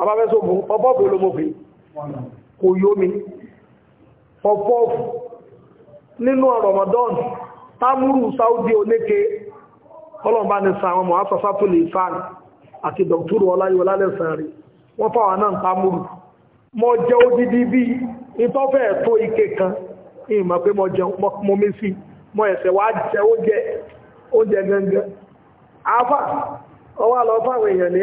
abáfẹ́sọ́bù ọpọ́pù olómọ́pù kò yómi ọpọ́pù nínú Ramadan tamuru Saudi oléke ọlọ́mbà ní sàwọn mọ̀ asọ́sátò lè fàn àti dọ̀túrù ọláyíwọlá lẹ́sàn rí wọ́n fáwà tamuru mọ́ jẹ́ odidi bí ìtọ́fẹ́ tó ike kan ìmọ̀ pé mọ́ jẹun mọ́ mẹ́sì mọ́ ẹ̀sẹ̀ wá jẹ ọwọ́ àlọ́ èèyàn ní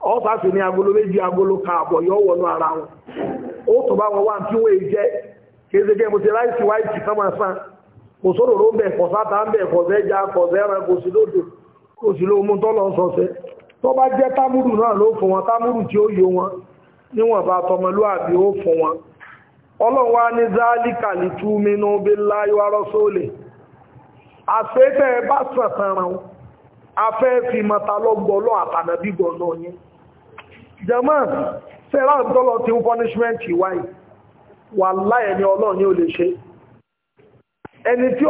ọ́sà sí ní agolo méjì agolo káàbọ̀ yọ́ wọnú ara wọn ó tó bá wọn wá tí wọ́n jẹ́ kéèkéé mo ti ráìsì wáìtì kan máa san kò sóró ló ń bẹ̀ kọ̀ sáta ń bẹ̀ kọ̀ sẹ́jà kọ̀ sẹ́ran kò sí lódò kò sí lóhun tó lọ sọ̀sẹ̀ tó bá jẹ́ támúrù náà ló fún wọn támúrù tí ó àfẹ́fẹ́ bá sàn sanra wọn afẹ́ fi mọ́ta lọ́gbọ́lọ́ àtànàbígbọ̀ jẹ́mọ́ ferran dọ́lọ̀ tí ń punishment wà láyẹ̀ ni ọlọ́run ní ó ṣe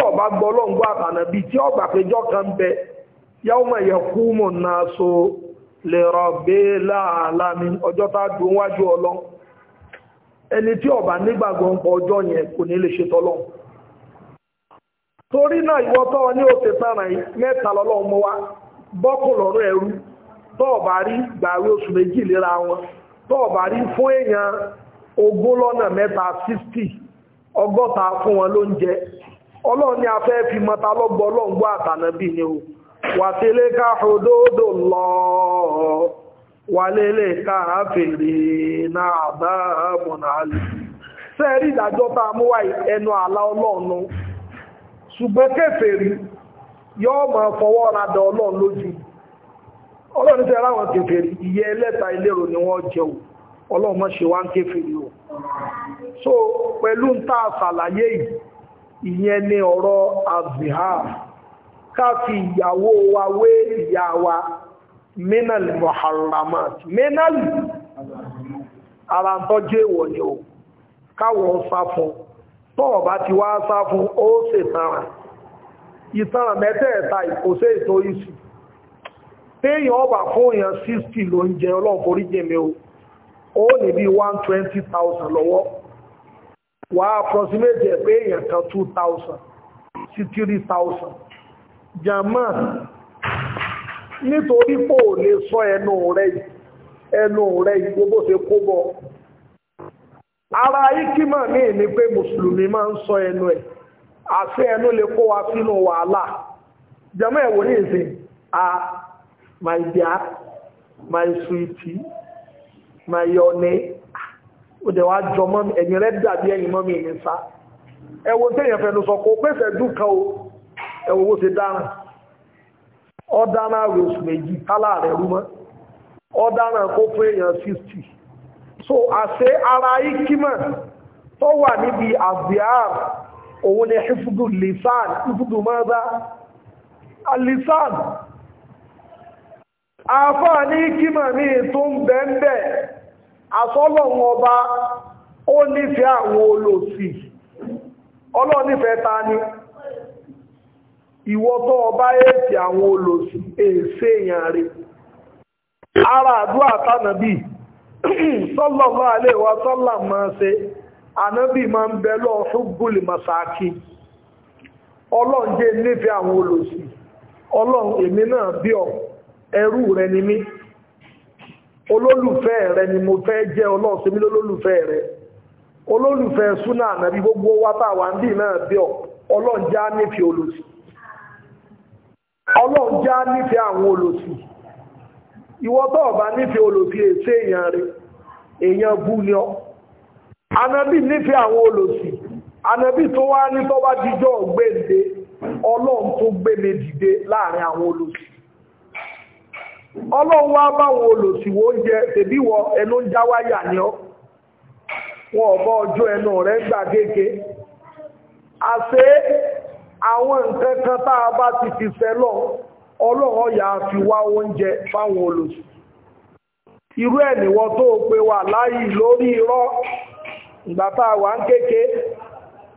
ọba gbọ́ ọlọ́run gbọ́ àtànà bíi tí ọba péjọ kan bẹ yàwó mọ̀ kú mọ̀ náà so lè rọ̀ gbé láàlámi ọjọ́ tá a dùn wájú ọba nígbàgbọ́ ń yẹn kò ní lè ṣe tọ́lọ́run torí náà ìwọ́tọ́ ní mẹ́ta tọ́ọ̀bà rí gbàrí oṣù méjì léra wọn tọ́ọ̀bà rí fún èèyàn ogún 60 ọgọta fún wọn ló jẹ ọlọ́run ni a fẹ́ fi mọ́ta lọ́gbọ́ ọlọ́ngbọ́ ni o ka ká òdòdó lọ wàlélé ká fèrè mọ̀nà a mú wá ẹnu àlá ọlọ́ọ̀nù ṣùgbọ́n ọlọ́run tẹ́ ráwọn kèfèrí ìyẹ́ ẹlẹ́ta ilérò ni wọ́n jẹun ọlọ́run má ṣe wá ń kèfèrí o so pẹ̀lú ń tà àṣàlàyé ìyẹn ni ọ̀rọ̀ azihar ká fi ìyàwó wa wé ìyá wa minal muharramat minal ara ń tọ́jú èèwọ̀ ni o káwọn sá fún tọ́ọ̀ bá ti wá sá fún ó ṣètara ìtara mẹ́tẹ̀ẹ̀ta ìkòsẹ́ ìtò ìsìn téèyàn ọba fún èèyàn 60 ló ń jẹ ọlọ́run forí o ó ní bí 120,000 lọ́wọ́ wà á approximate ẹ̀ pé èèyàn kan 2,000 sí 3,000 jama nítorí pò lè sọ ẹnu rẹ̀ ẹnu rẹ̀ gbogbo ṣe kó bọ̀ ara ikima ní ní pé mùsùlùmí máa ń sọ ẹnu ẹ̀ àti ẹnu lè kó wa sínú wàhálà jama ẹ̀wò ní ìsìn a my dear my sweetie my yoni ó dẹ̀ wá jọ mọ́ mi ẹ̀yìn rẹ̀ dàbí ẹ̀yìn mọ́ mi ìyìn sá ẹwọ tẹ́yìn fẹ́nu sọ kó pèsè dúkà o ẹwọ owó ti dáhùn ọ dáná rẹ̀ oṣù méjì tálà rẹ̀ rú ọ dáná kó fún èèyàn 60 so àṣẹ ara ikímọ̀ tó wà níbi àbíàr òun ni hifudu lisan hifudu mọ́dá alisan afọ ní kímà ní tó ń bẹ̀ẹ́bẹ̀ àsọ́lọ̀wọ̀n ọba ó nífẹ̀ẹ́ àwọn olòsì ọlọ́nífẹ̀ẹ́ ta ni ìwọ ọba èsì àwọn olòsì èsè èèyàn rẹ̀ ara àdúrà tánàbí sọ́lọ̀lọ́ àléwà sọ́lọ̀ máa ṣe ànábì máa ń bẹ lọ ṣúgbùlì màsáàkì ọlọ́njẹ́ nífẹ̀ẹ́ àwọn olòsì ọlọ́run èmi náà bí ọ̀pọ̀ ẹrú rẹ ni mí olólùfẹ́ rẹ ni mo fẹ́ jẹ́ ọlọ́ọ̀sẹ̀ mi lólùfẹ́ rẹ olólùfẹ́ súnà gbogbo wa wà ń náà bí ọ ọlọ́ọ̀já nífẹ̀ẹ́ olòṣì ọlọ́ọ̀já nífẹ̀ẹ́ àwọn olòṣì ìwọ tó nífẹ̀ẹ́ èèyàn rẹ èèyàn bú ni ọ nífẹ̀ẹ́ àwọn tó wá ọlọ́run wá báwọn olòṣìwò oúnjẹ tèbí ẹnu ń já wáyà ni ọ́ wọn ọ̀bọ ọjọ́ ẹnu rẹ̀ gbàgede àṣé àwọn nǹkan kan tá a bá ti fi fẹ́ lọ yà á fi wá oúnjẹ fáwọn olòṣì irú ẹ̀ nìwọ tó o pe wà láyì lórí irọ́ ìgbà tá a wà ń kéke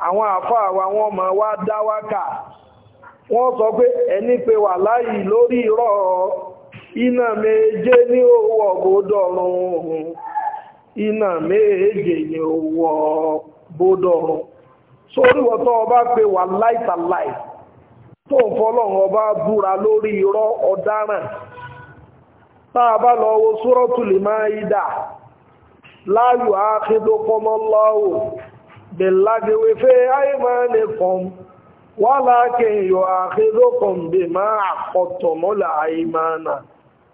àwọn àfáà wa wọn máa wá dá wákà wọ́n sọ pé ẹni pe wà láyì lórí irọ́ ọ̀ iná méje ní owó ọ̀bọ̀dọ̀rùn Ina m méje ní owó ọ̀bọ̀dọ̀rùn Sori wọ́tọ́ ọba pé wà láìtàláì tó ń ọba búra lórí irọ́ ọ̀daràn tá bá lọ wo sórọ́tùlì máa yí dà láàyò àkíndókọ́mọ́láwò bẹ̀lágewé fẹ́ àìmánẹ́kọ̀m walakin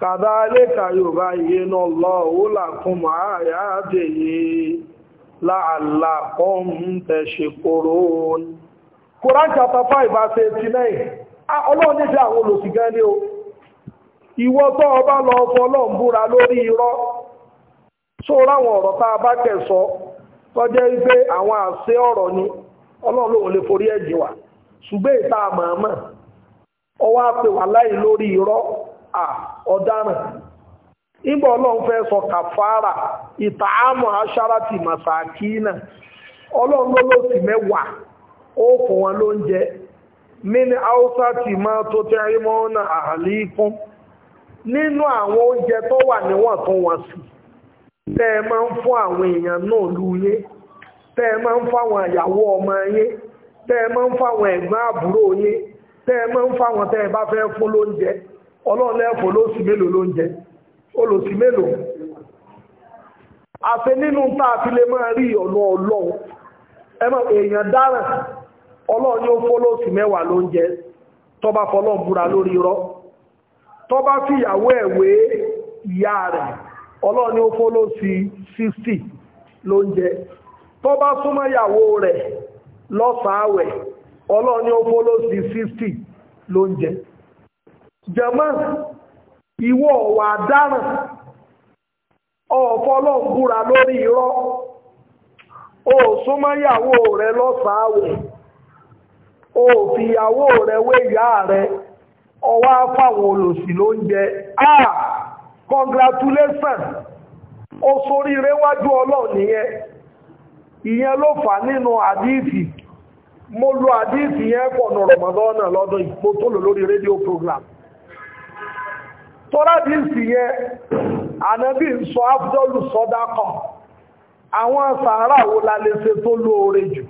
kàdálẹ́kà yorùbá yìí nà lọ òlàkùn ààyà àdèyí chapter 5 verse 89 ọlọ́run nífẹ́ àwọn olùsìgán o iwo to ọba lo ọlọ́run búra lórí irọ́ só ráwọn ọ̀rọ̀ tá a bá ọ̀rọ̀ ni ọ̀daràn nígbà ọlọ́run fẹ́ sọ kàfàrà ìtààmù aṣáratì màsàkínà ọlọ́run ló ló mẹ́wàá ó wọn lóúnjẹ mini hausa ti ma tó tẹ́rí mọ́ ọ̀nà àhàlì nínú àwọn oúnjẹ tó wà níwọ̀n tó ń fún àwọn èèyàn náà lóye máa ń àyàwó ọmọ ọlọ́run lẹ́fọ́ lóṣù mélòó ló ń jẹ olóṣù mélòó àti nínú tá fi lè máa rí ọ̀nà ọlọ́run ẹmọ èèyàn dáràn ni yóò fọ́ lóṣù mẹ́wàá ló ń jẹ tó lórí ìyá rẹ̀ fọ́ 60 ló jẹ̀mọ́ ìwọ ọ̀wà dáràn ọ̀fọ́lọ́gbúra lórí irọ́ o súnmọ́yàwó rẹ lọ́sàáwẹ̀ o fìyàwó rẹ wéyà rẹ ọwá fáwọn olòṣì ló ń jẹ ah o sórí rẹwájú ọlọ́ọ̀ ìyẹn ló fà nínú àdífì mo lo àdífì yẹn pọ̀ nù lọ́dún ìpótólò lórí rédíò program tọ́rádìsì yẹn ànábì ń sọ abdọ́lù sọ́dákọ̀ àwọn sàárà wo la lè ṣe tó lóore jù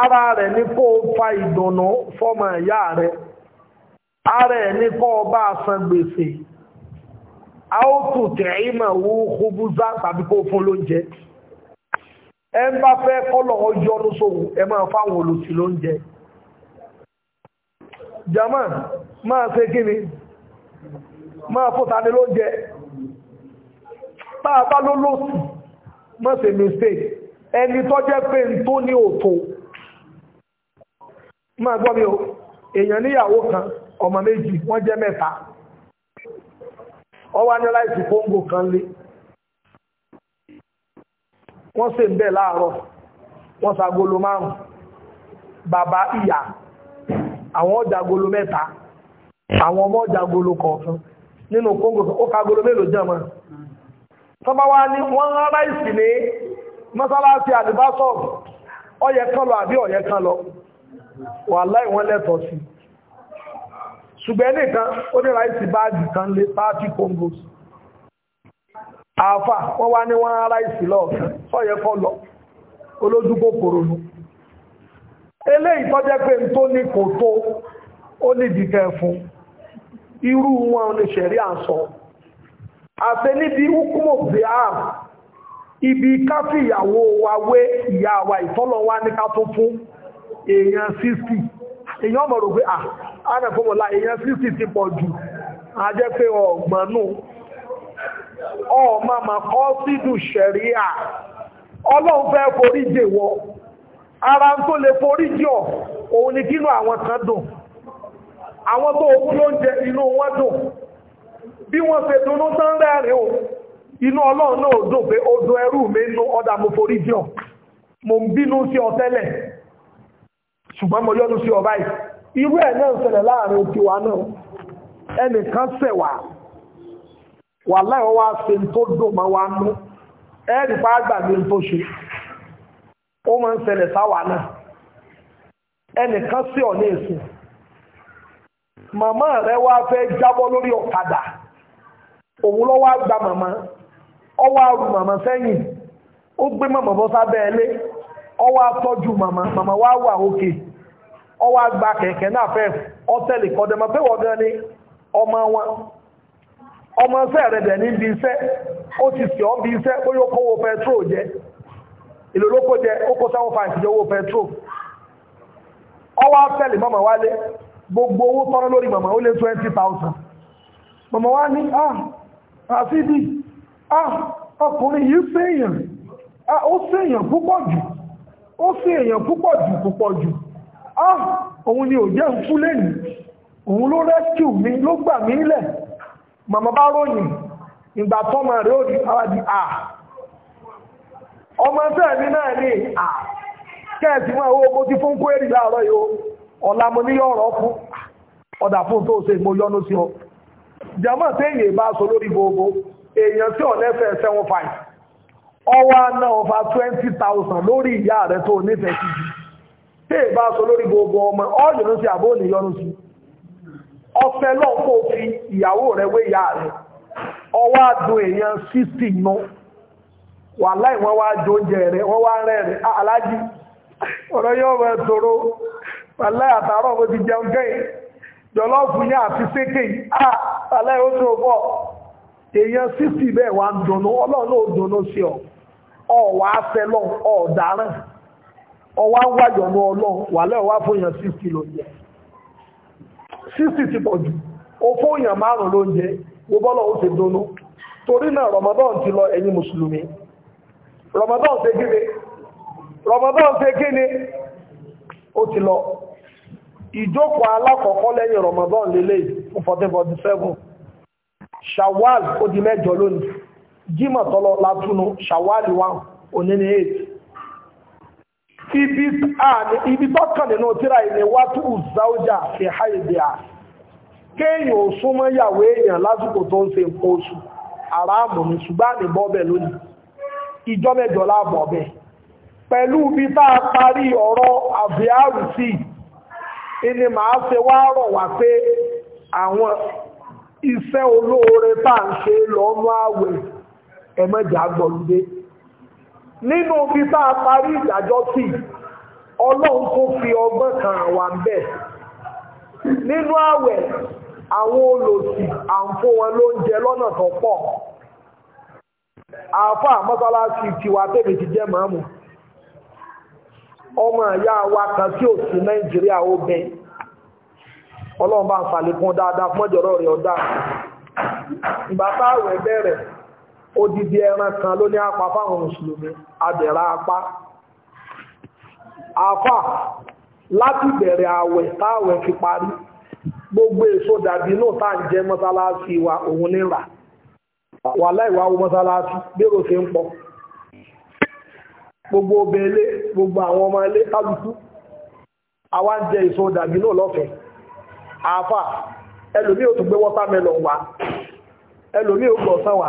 ara rẹ̀ ní kó o fa ìdùnnú fọ́mọ ìyá rẹ̀ ara ẹ̀ ní kó o bá san gbèsè a ó tù tẹ̀yìmọ̀ wo kúbúzá tàbí kó fún lóúnjẹ ẹ ń bá fẹ́ kọ́lọ̀ ọjọ́ ló sòwò ẹ máa fáwọn olùsí lóúnjẹ jama máa ṣe kí ni máa fún tani ló ń jẹ táa bá ló lóòsì má ṣe mistake ẹni tó jẹ́ pé n tó ní òtò máa gbọ́ mi o èèyàn níyàwó kan ọmọ méjì wọ́n jẹ́ mẹ́ta ọwọ́ ní láìsí kóńgò kan lé wọ́n ṣe ń bẹ̀ láàárọ̀ wọ́n ṣàgolo márùn-ún bàbá ìyá àwọn ọjà agolo mẹ́ta àwọn ọmọ ọjà agolo kọ̀ọ̀kan nínú kóngò ó ka agolo mélòó jẹ́ mọ́ tọ́ba wa ní wọ́n ń rárá ìsìn ní mọ́sálásí àdìbásọ̀ ọyẹ kan lọ àbí ọyẹ kan lọ wà láì wọ́n lẹ́tọ̀ọ́ sí ṣùgbọ́n nìkan ó ní ráìsì báàgì kan lé pàtí kóngò àáfà wọ́n wá ní wọ́n rárá ìsìn lọ́ọ̀kan ọyẹ kan lọ olójú kòkòrò nù eléyìí tọ́jẹ́ pé n tó ní kò tó ó nídìí kẹ́ fún un irú wọn ni ṣẹ̀rí àṣọ àṣẹ níbi hukumu ibi káfí ìyàwó wa wé ìyá wa ìtọ́lọ̀ wa ní ká eyan fún èèyàn 60 èèyàn mọ̀ pé à ah, ánàfọ́mọ̀lá èèyàn 60 ti pọ̀ jù a jẹ́ pé ọ̀gbọ̀n nù ọmọ mà kọ́ sídù ṣẹ̀rí à ọlọ́run fẹ́ forí ara tó lè forí jọ òun ni kínú àwọn kan àwọn tó ogún ló ń jẹ inú wọn dùn bí wọ́n ṣe dunú tán rẹ̀rìn o inú ọlọ́run náà dùn pé ó dùn mi nú ọ̀dà mo forí jì mo ń bínú sí ọ tẹ́lẹ̀ ṣùgbọ́n mo yọ́nú sí ọ irú ẹ̀ náà ṣẹlẹ̀ láàrin tiwa náà ẹnìkan ṣẹ̀wà wà láìwọ́ wá tó dùn mọ́ wa nú ẹ̀rì pa àgbàgbé tó ṣe ó máa ń sáwà náà ẹnìkan sí ọ ní ìsìn màmá rẹ̀ wá fẹ́ jábọ́ lórí ọ̀kadà òun wá gba màmá ó wá màmá sẹ́yìn ó gbé màmá bọ́ sábẹ́ ẹlé ó wá màmá màmá wá wà òkè ó wá gba náà fẹ́ ọtẹ́lì kọ́dẹ̀mọ́ pé wọ́n gan ni wọn ọmọ iṣẹ́ rẹ̀ dẹ níbi iṣẹ́ ó ti sì bí iṣẹ́ ó yóò jẹ jẹ ó kó gbogbo owó tọ́rọ lórí màmá ó lé 20,000 màmá wá ní ah àfídì ah ọkùnrin yìí ṣèèyàn ah ó ṣèèyàn púpọ̀ jù ó ṣèèyàn púpọ̀ jù púpọ̀ jù ah òun ni ò jẹ́ ń fún òun ló rescue mi ló gbà mí lẹ̀ màmá bá ròyìn ìgbà tọ́mọ rẹ̀ ó di ara di ah ọmọ tẹ́ẹ̀mí náà ní ah kẹ́ẹ̀sì máa owó mo ti fún kó èrì láàárọ̀ ọ̀la mo ní yọ̀rọ̀ fún ọ̀dà fún tó ṣe mo yọ́nú sí ọ jama bá sọ lórí gbogbo èèyàn tí ọ̀lẹ́fẹ̀ seven five ọwọ́ aná ọba twenty lórí ìyá rẹ tó nífẹ̀ẹ́ sí jù gbogbo ọmọ ọ̀yọ́nú sí àbó ní yọ́nú sí ọ̀fẹ́ lọ́n kó fi ìyàwó rẹ wé ìyá rẹ ọwọ́ adùn wọ́n wá rẹ wọ́n wá rẹ pàlẹ́ àtàrọ̀ mo ti jẹun kẹ́yìn jọlọ́ọ̀fù yẹn àti sékè à ah, pàlẹ́ ó tó èèyàn sísì bẹ́ẹ̀ wà ń dùnnú ọlọ́run ó sí ọ ọ̀wà afẹ́lọ́ ọ̀daràn ọwá ọlọ́run wà lẹ́ọ̀wá fún èèyàn sísì sísì ti pọ̀ jù ó fún márùn ó ti torí Ramadan ti lọ ẹ̀yin mùsùlùmí Ramadan ṣe Ramadan ṣe lọ ìjókòó alákọ̀ọ́kọ́ lẹ́yìn Ramadan lélẹ̀ fún 1447 Shawwal ó di mẹ́jọ lónìí Jímọ̀ tọ́lọ látúnú Shawwal 1 òní ní 8 ibi tọ́kàn nínú tíra ìní wá tó ìzáújà fi háìdì à kéèyàn ò súnmọ́ yàwó èèyàn lásìkò tó ń ṣe nǹkan oṣù àràmù ní ṣùgbọ́n ní bọ́bẹ̀ lónìí ìjọ láàbọ̀ bẹ́ẹ̀ pẹ̀lú bí tá parí ọ̀rọ̀ àbíárù sí i ìní màá ṣe wá rọ̀ wá pé àwọn iṣẹ́ olóore tá à ń ṣe lọ́nú àwẹ̀ ẹ̀mẹ́jà gbọ̀lùdé nínú bí tá a parí ìdájọ́ sí ọlọ́run tó fi ọgbọ́n kan àwa ń bẹ̀ nínú àwẹ̀ àwọn olòṣì à ń fún wọn lóúnjẹ lọ́nà tó pọ̀ àáfàá mọ́sálásí tiwa tèmi ti jẹ́ màámu ọmọ ìyá wa kan tí ò sí nàìjíríà obìn ọlọ́run bá ń sàlékún dáadáa fún ọjọ́rọ̀ rẹ̀ ọ̀dá ìgbà táwẹ̀ bẹ̀rẹ̀ odidi ẹran kan ló ní apá fáwọn mùsùlùmí adẹ̀ra apá afá láti bẹ̀rẹ̀ àwẹ̀ táwẹ̀ fi parí gbogbo èso dàbí náà tá ń jẹ mọ́sálásí wa òun ní rà wà láìwá mọ́sálásí gbèrò sí ń pọ̀ gbogbo obẹ̀ ilé gbogbo àwọn ọmọ ilé kálukú àwa ń jẹ èso dàbí náà lọ́fẹ̀ẹ́ àáfà ẹlòmí ò tún gbé wọ́tàmẹ́lọ̀ wá ẹlòmí ò gbọ̀ sán wá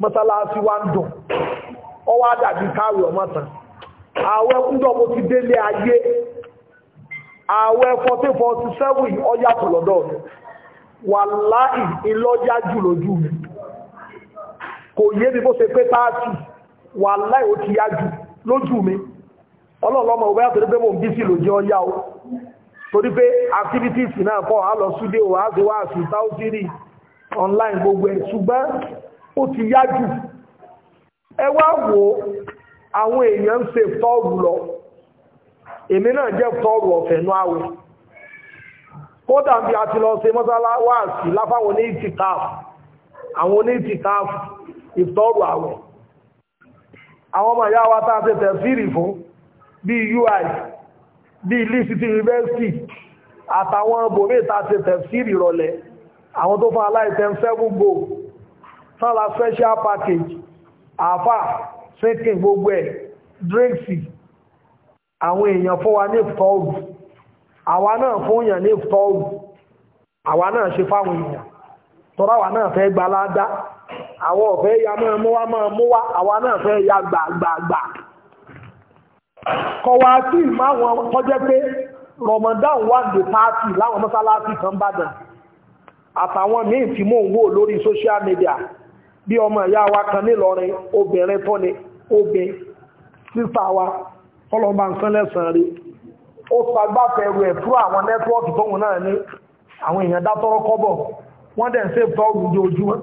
mọ́sálásí wá ń dùn ọwọ́ àdàbí káàrù ọmọ́tàn ààwẹ́ kúndọ̀ mo ti délé ayé ààwẹ́ 1447 ọyàtọ̀ lọ́dọ̀ mi wà láì ìlọ́jà jù lójú mi kò yé mi bó ṣe pé táàtì wà láì ó ti yá jù lójú mi ọlọ́ọ̀lọ́mọ òwe àtòrí pé mò ń bí sí lòdì ọyá o torí pé activities náà kọ́ á lọ súdé o a ti wá sí táùsírì online gbogbo ẹ̀ ṣùgbọ́n ó ti yá jù ẹ wá wo àwọn èèyàn ń ṣe fọ́ọ̀rù lọ èmi náà jẹ́ fọ́ọ̀rù ọ̀fẹ́ nú àwẹ̀ kódà bí a ti lọ ṣe mọ́sálásí láfáwọn oníìtìkáàfù àwọn oníìtìkáàfù ìfọ́ọ̀rù àwẹ̀ àwọn ọmọ ìyá wa tàbí tẹ̀sírì fún bí ui bí ilé-ìsìtì university àtàwọn bòmí tàbí tẹ̀sírì rọlẹ̀ àwọn tó fún aláìsẹ̀ 7 go sọ́la special package àfà sinking gbogbo ẹ̀ drinksì àwọn èèyàn fún wa ní ìfọ́ọ̀rù àwa náà fún èèyàn ní ìfọ́ọ̀rù àwa náà ṣe fáwọn èèyàn tọ́ra náà fẹ́ gbaládá àwọn ọ̀fẹ́ ya máa mú wá máa mú wá àwa náà fẹ́ ya gbàgbàgbà kọwa sí ìmáwọn tọ́jẹ́ pé Ramadan wà ní pàátì láwọn mọ́sálásí kan bàdàn àtàwọn míì tí mò ń lórí social media bí ọmọ ìyá wa kan nílọrin obìnrin tó ni obìn sísá wa ọlọ́ba nǹkan lẹ́sàn-án rí ó sagbáfẹ̀rù ẹ̀ fún àwọn nẹ́tíwọ́ọ̀kì tóun náà ní àwọn èèyàn dátọ́rọ́ wọ́n dẹ̀ ń sèpọ̀ òjòjúmọ́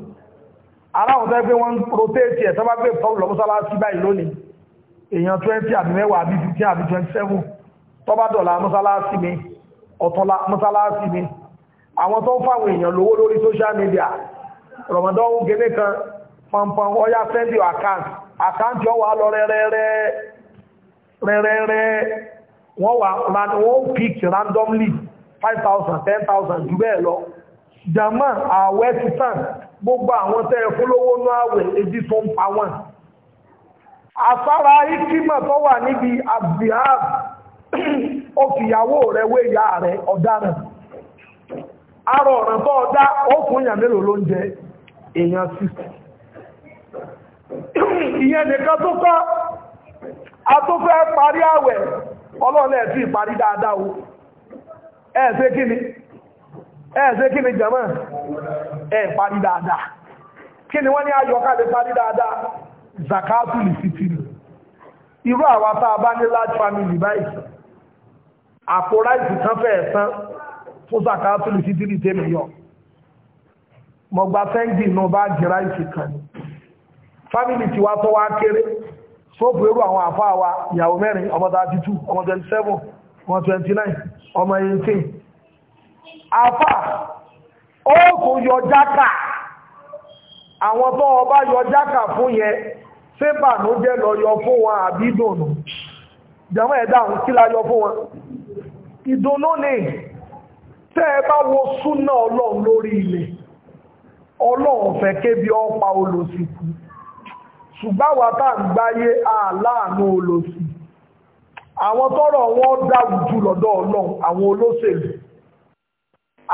aláwọ̀ tó ẹgbẹ́ wọn rotate ẹ̀ tó bá gbé ìfọ́wù lọ́mọ́sálásí báyìí lónìí èèyàn 20 àbí mẹ́wàá àbí 15 àbí 27 tó bá dọ̀la mọ́sálásí mi ọ̀tọ̀la mọ́sálásí mi àwọn tó ń fáwọn èèyàn lówó lórí social media rọ̀mọ̀dọ́ ń gẹ́lé kan pọ̀npọ̀n ọya sẹ́ndì àkáǹtì àkáǹtì ọwà lọ rẹ́rẹ́rẹ́ wọ́n wà wọ́n pick randomly 5,000 10,000 jù bẹ́ẹ̀ lọ jama àwẹ́ titan gbogbo àwọn tẹ́ fúlówó ní àwẹ̀ ebi tó ń pa wọn àsára ikímọ̀ tó wà níbi abdihab *clears throat* ó fìyàwó rẹ̀ wé ìyá rẹ̀ ọ̀daràn arọ ọ̀ràn tó ọdá ó fún èèyàn mélòó ló ń jẹ èèyàn sí *clears throat* ìyẹn nìkan tó kọ́ a tó fẹ́ parí àwẹ̀ dáadáa ẹ̀ẹ́sẹ́ kí ni ẹ̀ẹ́sẹ́ kí ni jẹ́mọ́ ẹ̀ parí dáadáa kí ni wọ́n ní ayọ̀ká lè parí dáadáa zakatu lè fi tìlù irú àwa tá family báyìí àpò ráìsì kan fẹ́ ẹ̀sán fún zakatu lè fi tìlù tèmi yọ mo gba náà bá ráìsì kan ní family tí wá tọ́ wá kéré sóòpù irú àwọn àfáà wa ìyàwó mẹ́rin ọmọ àfà ó kò yọ jákà àwọn tó ọba yọ jákà fún yẹ fẹ́bà ló jẹ́ lọ yọ fún wọn àbí ìdùnnú jẹmọ́ ẹ̀dá àwọn kí la yọ fún wọn ìdùnnú ni tẹ́ ẹ bá wo súnà ọlọ́run lórí ilẹ̀ ọlọ́run fẹ́ kébi ọpa olòsìkú ṣùgbọ́n wa tá ń gbáyé àláàánú olòsì àwọn tọ́rọ̀ wọn dáwùjú lọ́dọ̀ ọlọ́run àwọn olóṣèlú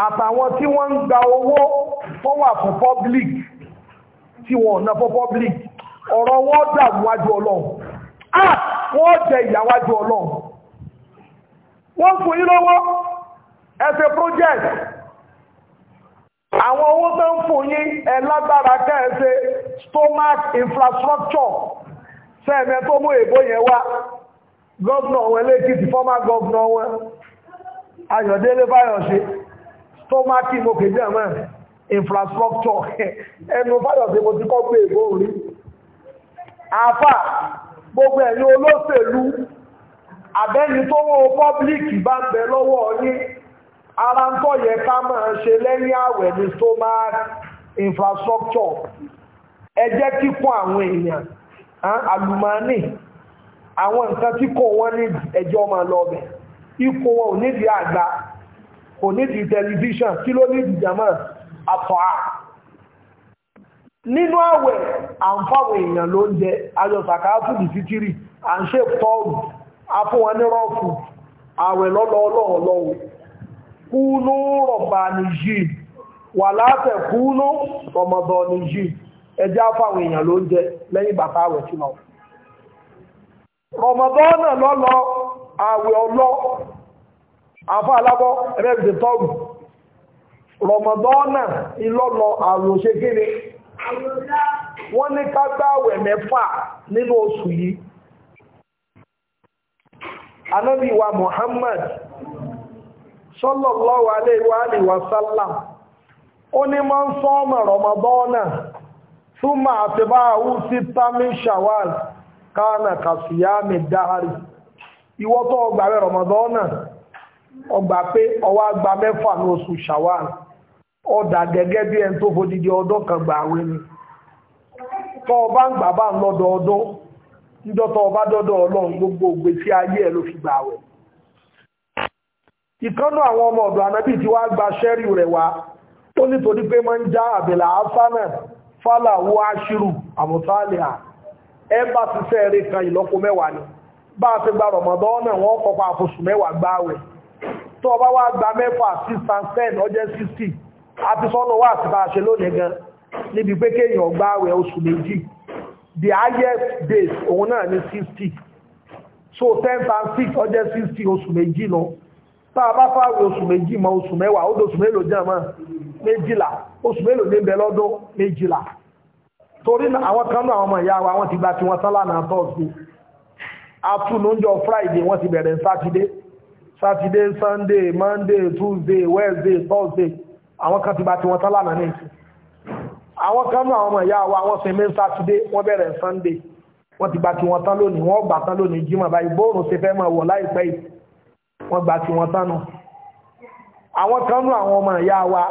àtàwọn tí wọ́n ń gba owó tó wà fún public tí wọ́n ná fún public ọ̀rọ̀ wọn dàrú wájú ọlọ́run ah wọ́n jẹ ìyàwájú ọlọ́run wọ́n fún yín lọ́wọ́ ẹ ṣe project àwọn owó tó ń fún yín ẹ lágbára kẹ́ ẹ ṣe stomach infrastructure sẹ́ẹ̀mẹ́ tó mú èbó yẹn wá gọ́vnà wọn lẹ́kìtì former gọ́vnà wọn Ayọ̀délé Fáyọ̀ṣe tó má kí mo kéde àmọ́ infrastructure *laughs* ẹnu fáyọ̀sí mo ti kọ́ pé èkó rí àfà gbogbo ẹ̀yin olóṣèlú àbẹ́ni tó wọ́n pọ́blíkì bá ń bẹ lọ́wọ́ yín ara ń tọ́ yẹ ká máa ṣe lẹ́yìn àwẹ̀ ní stomach infrastructure ẹ jẹ́ kíkún àwọn èèyàn àlùmọ́ọ́nì àwọn nǹkan tí kò wọ́n ní ẹjọ́ máa lọ bẹ̀ ikú wọn ò nídìí àgbà kò di tẹlifíṣàn kí ló nídìí jama àtọ̀à nínú àwẹ̀ à ń fáwọn èèyàn ló ń jẹ ayọ̀sàká fúdì fítírì à ń ṣe tọ́ọ̀rù afúnwọn ní rọ́ọ̀fù àwẹ̀ lọ́lọ́ ọlọ́ọ̀lọ́wọ̀ kúnú rọ̀bà nìyí wà látẹ̀ kúnú rọ̀mọ̀dọ̀ nìyí ẹjẹ́ afọ alábọ́ ẹ̀rẹ́dẹ̀ tọ́ọ̀bù rọmọdọ́nà ìlọ́lọ àròṣe kíni wọ́n ní ká mẹ́fà nínú oṣù yìí anábì Muhammad sallallahu alaihi wa ó ní máa ń sọ́ọ̀mọ̀ rọmọdọ́nà súnmọ́ àtibá àwú sí shawal kánà kàṣíyá mi ìwọ́tọ̀ ọgbà ọgbà pé ọwọ́ agba mẹ́fà ní oṣù shawal ọ̀dà gẹ́gẹ́ bí ẹni tó fojìdí ọdún kan gbà àwẹ̀ ni tọ́ ọba ń gbà bá ń lọ́dọọdún níjọ́ tọ́ ọba dọ́dọ̀ ọlọ́run gbogbo ògbésí ayé ẹ̀ ló fi gbà àwẹ̀ ìkánú àwọn ọmọ ọ̀dọ̀ ànábì tí wàá gba ṣẹ́rí rẹ̀ wá tó nítorí pé máa ń já àbẹ̀là afánà fálà wọ aṣírù àmọ̀tálẹ̀ à ẹ bá ti fẹ́ẹ̀rẹ̀ kan ìlọ́po mẹ́wàá ni bá a ti gba rọ̀mọ̀dọ́ náà wọ́n kọ́kọ́ àfosù mẹ́wàá gbáwẹ̀ tó ọba wá gba mẹ́fà six and ten ọjọ́ sixty àti sọ́nà wà sí bá a ṣe lónìí gan níbi pé kéèyàn gba àwẹ̀ oṣù méjì the highest days òun náà ní sixty so ten 6, six ọjọ́ sixty oṣù méjì lọ tá a bá fáwẹ̀ oṣù méjì mọ oṣù mẹ́wàá ó dóṣù mélòó jẹ́ mọ́ méjìlá oṣù mélòó ní bẹ lọ́dún méjìlá torí àwọn kan náà àwọn ọmọ ìyá wa wọ́n ti gba tiwọn sálà náà tọ́ọ̀sì àtúnú ń jọ friday wọ́n ti bẹ̀rẹ̀ sátidé Saturday Sunday Monday Tuesday Wednesday Thursday àwọn kan ti bá ti wọn tán lánàá nìyí àwọn kan náà àwọn ọmọ ìyá wa wọ́n sinmi Saturday wọ́n bẹ̀rẹ̀ Sunday wọ́n ti gba ti wọn tán lónìí wọ́n gbà tán lónìí Jímọ̀ báyìí bóòrùn ṣe fẹ́ máa wọ̀ láìpẹ́ yìí wọ́n gba ti wọn tán nù àwọn kan náà àwọn ọmọ ìyá wa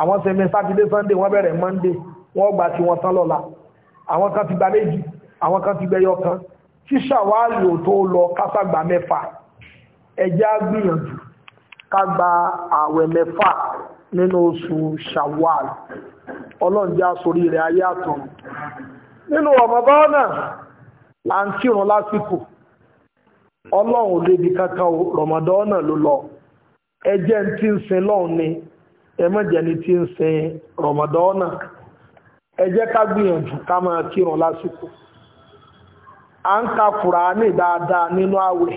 àwọn sinmi Saturday Sunday wọ́n bẹ̀rẹ̀ Monday wọ́n gba ti wọn tán lọ́la àwọn kan ti gba méjì àwọn kan ti gbẹyọ kan tíṣà wáàlì ò tó lọ kásàgbà mẹ́fà ẹjẹ́ á gbìyànjú ká gba ààwẹ̀ mẹ́fà nínú oṣù Shawwal ọlọ́njẹ́ àsorí rẹ̀ ayé àtọ̀ nínú Ramadan náà là ń kírun lásìkò ọlọ́run lébi kankan Ramadan náà ló lọ ẹjẹ́ tí ń sin lọ́run ni ẹmọ́jẹni tí ń sin Ramadan náà ẹjẹ́ ká gbìyànjú ká máa kírun lásìkò à ń ka Kùránì dáadáa nínú àwẹ̀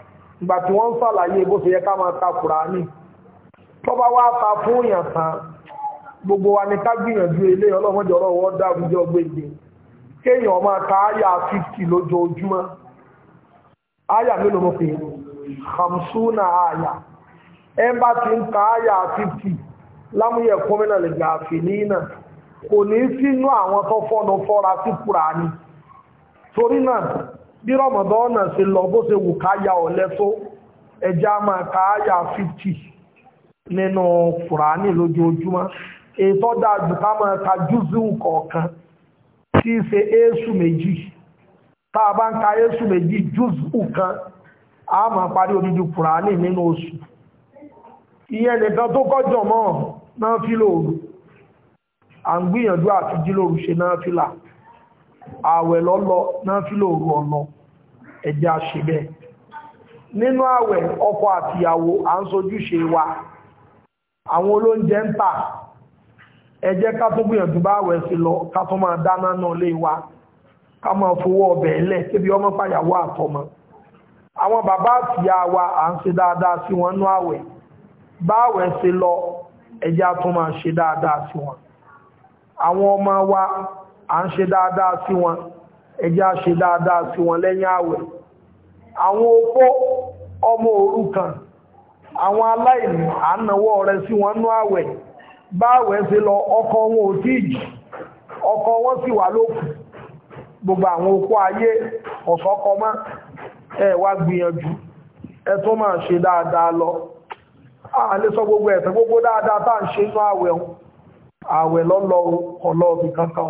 ìgbà tí wọ́n ń sàlàyé bó ṣe yẹ ká máa ta wá ta fún èèyàn tán gbogbo wa ni ká gbìyànjú ilé ọlọ́mọdé ọlọ́wọ́ dáàbùjọ gbèdè kéèyàn máa ta àyà 50 lójoojúmọ́ àyà mélòó mo pè hamsuna àyà ẹ bá ti ń ta àyà 50 lámúyẹ kọ́mínà lè gbà àfẹ́ nínà kò ní sínú àwọn tó bí rọmọdọ́nà sí lọ bó ṣe wù káyà ọ̀lẹ́ tó ẹjá máa káyà 50 nínú fùránì lójoojúmọ́ ètò dájú ká máa ka júzù kọ̀ọ̀kan tí í ṣe éṣù méjì tá a bá ń ka éṣù méjì júzù kan a máa parí odidi fùránì nínú oṣù ìyẹn nìkan tó kọjọ mọ́ náà fi lóòrù à ń gbìyànjú àti jí ṣe náà fi làá ààwẹ̀ lọ́lọ́ náà fílò òru ọ̀nà ẹjẹ́ àṣìbẹ̀ nínú ààwẹ̀ ọkọ àtìyàwó à ń sojúṣe wa àwọn olóúnjẹ ń tà ẹjẹ́ ká tó gbìyànjú bá ààwẹ̀ sí lọ ká tó máa dáná náà lé wa ká máa fowó ọbẹ̀ ẹlẹ̀ kébi ọmọ pàyàwó àtọmọ àwọn bàbá àtìyà wa à ń ẹjẹ́ á ṣe dáadáa sí wọn àwọn ọmọ wa à ń ṣe dáadáa sí wọn ẹjá ṣe dáadáa sí wọn lẹ́yìn àwẹ̀ àwọn opó ọmọ òrukàn àwọn aláìní à ń nawọ́ rẹ sí wọn nú àwẹ̀ báwẹ̀ ṣe lọ ọkọ wọn ò tí jì ọkọ wọn sì wà lókù gbogbo àwọn opó ayé ọ̀sọ́kọmá ẹ wá gbìyànjú ẹ tó máa ṣe dáadáa lọ a sọ gbogbo ẹ̀sẹ̀ gbogbo dáadáa tá à ń ṣe inú àwẹ̀ àwẹ̀ lọ́lọ́ ọlọ́ọ̀bì kankan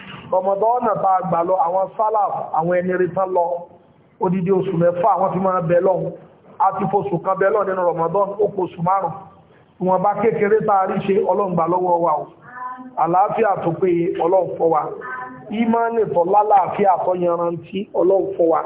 rọmọdọ́nà bá gbà lọ àwọn sálàf àwọn ẹni retán lọ odidi oṣù mẹ́fà àwọn fi máa bẹ̀ lọ àti fosù kan bẹ̀ lọ nínú rọmọdọ́n ó poṣù márùn ìwọ̀n bá kékeré táàrí ṣe ọlọ́run gbà lọ́wọ́ wa o àlàáfíà tó pé ọlọ́run fọ́ wa ìmánì tó lálàáfíà tó yanrantí ọlọ́run fọ́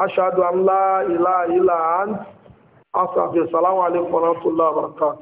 ashhadu an la ilaha illa ant astaghfiruka assalamu alaikum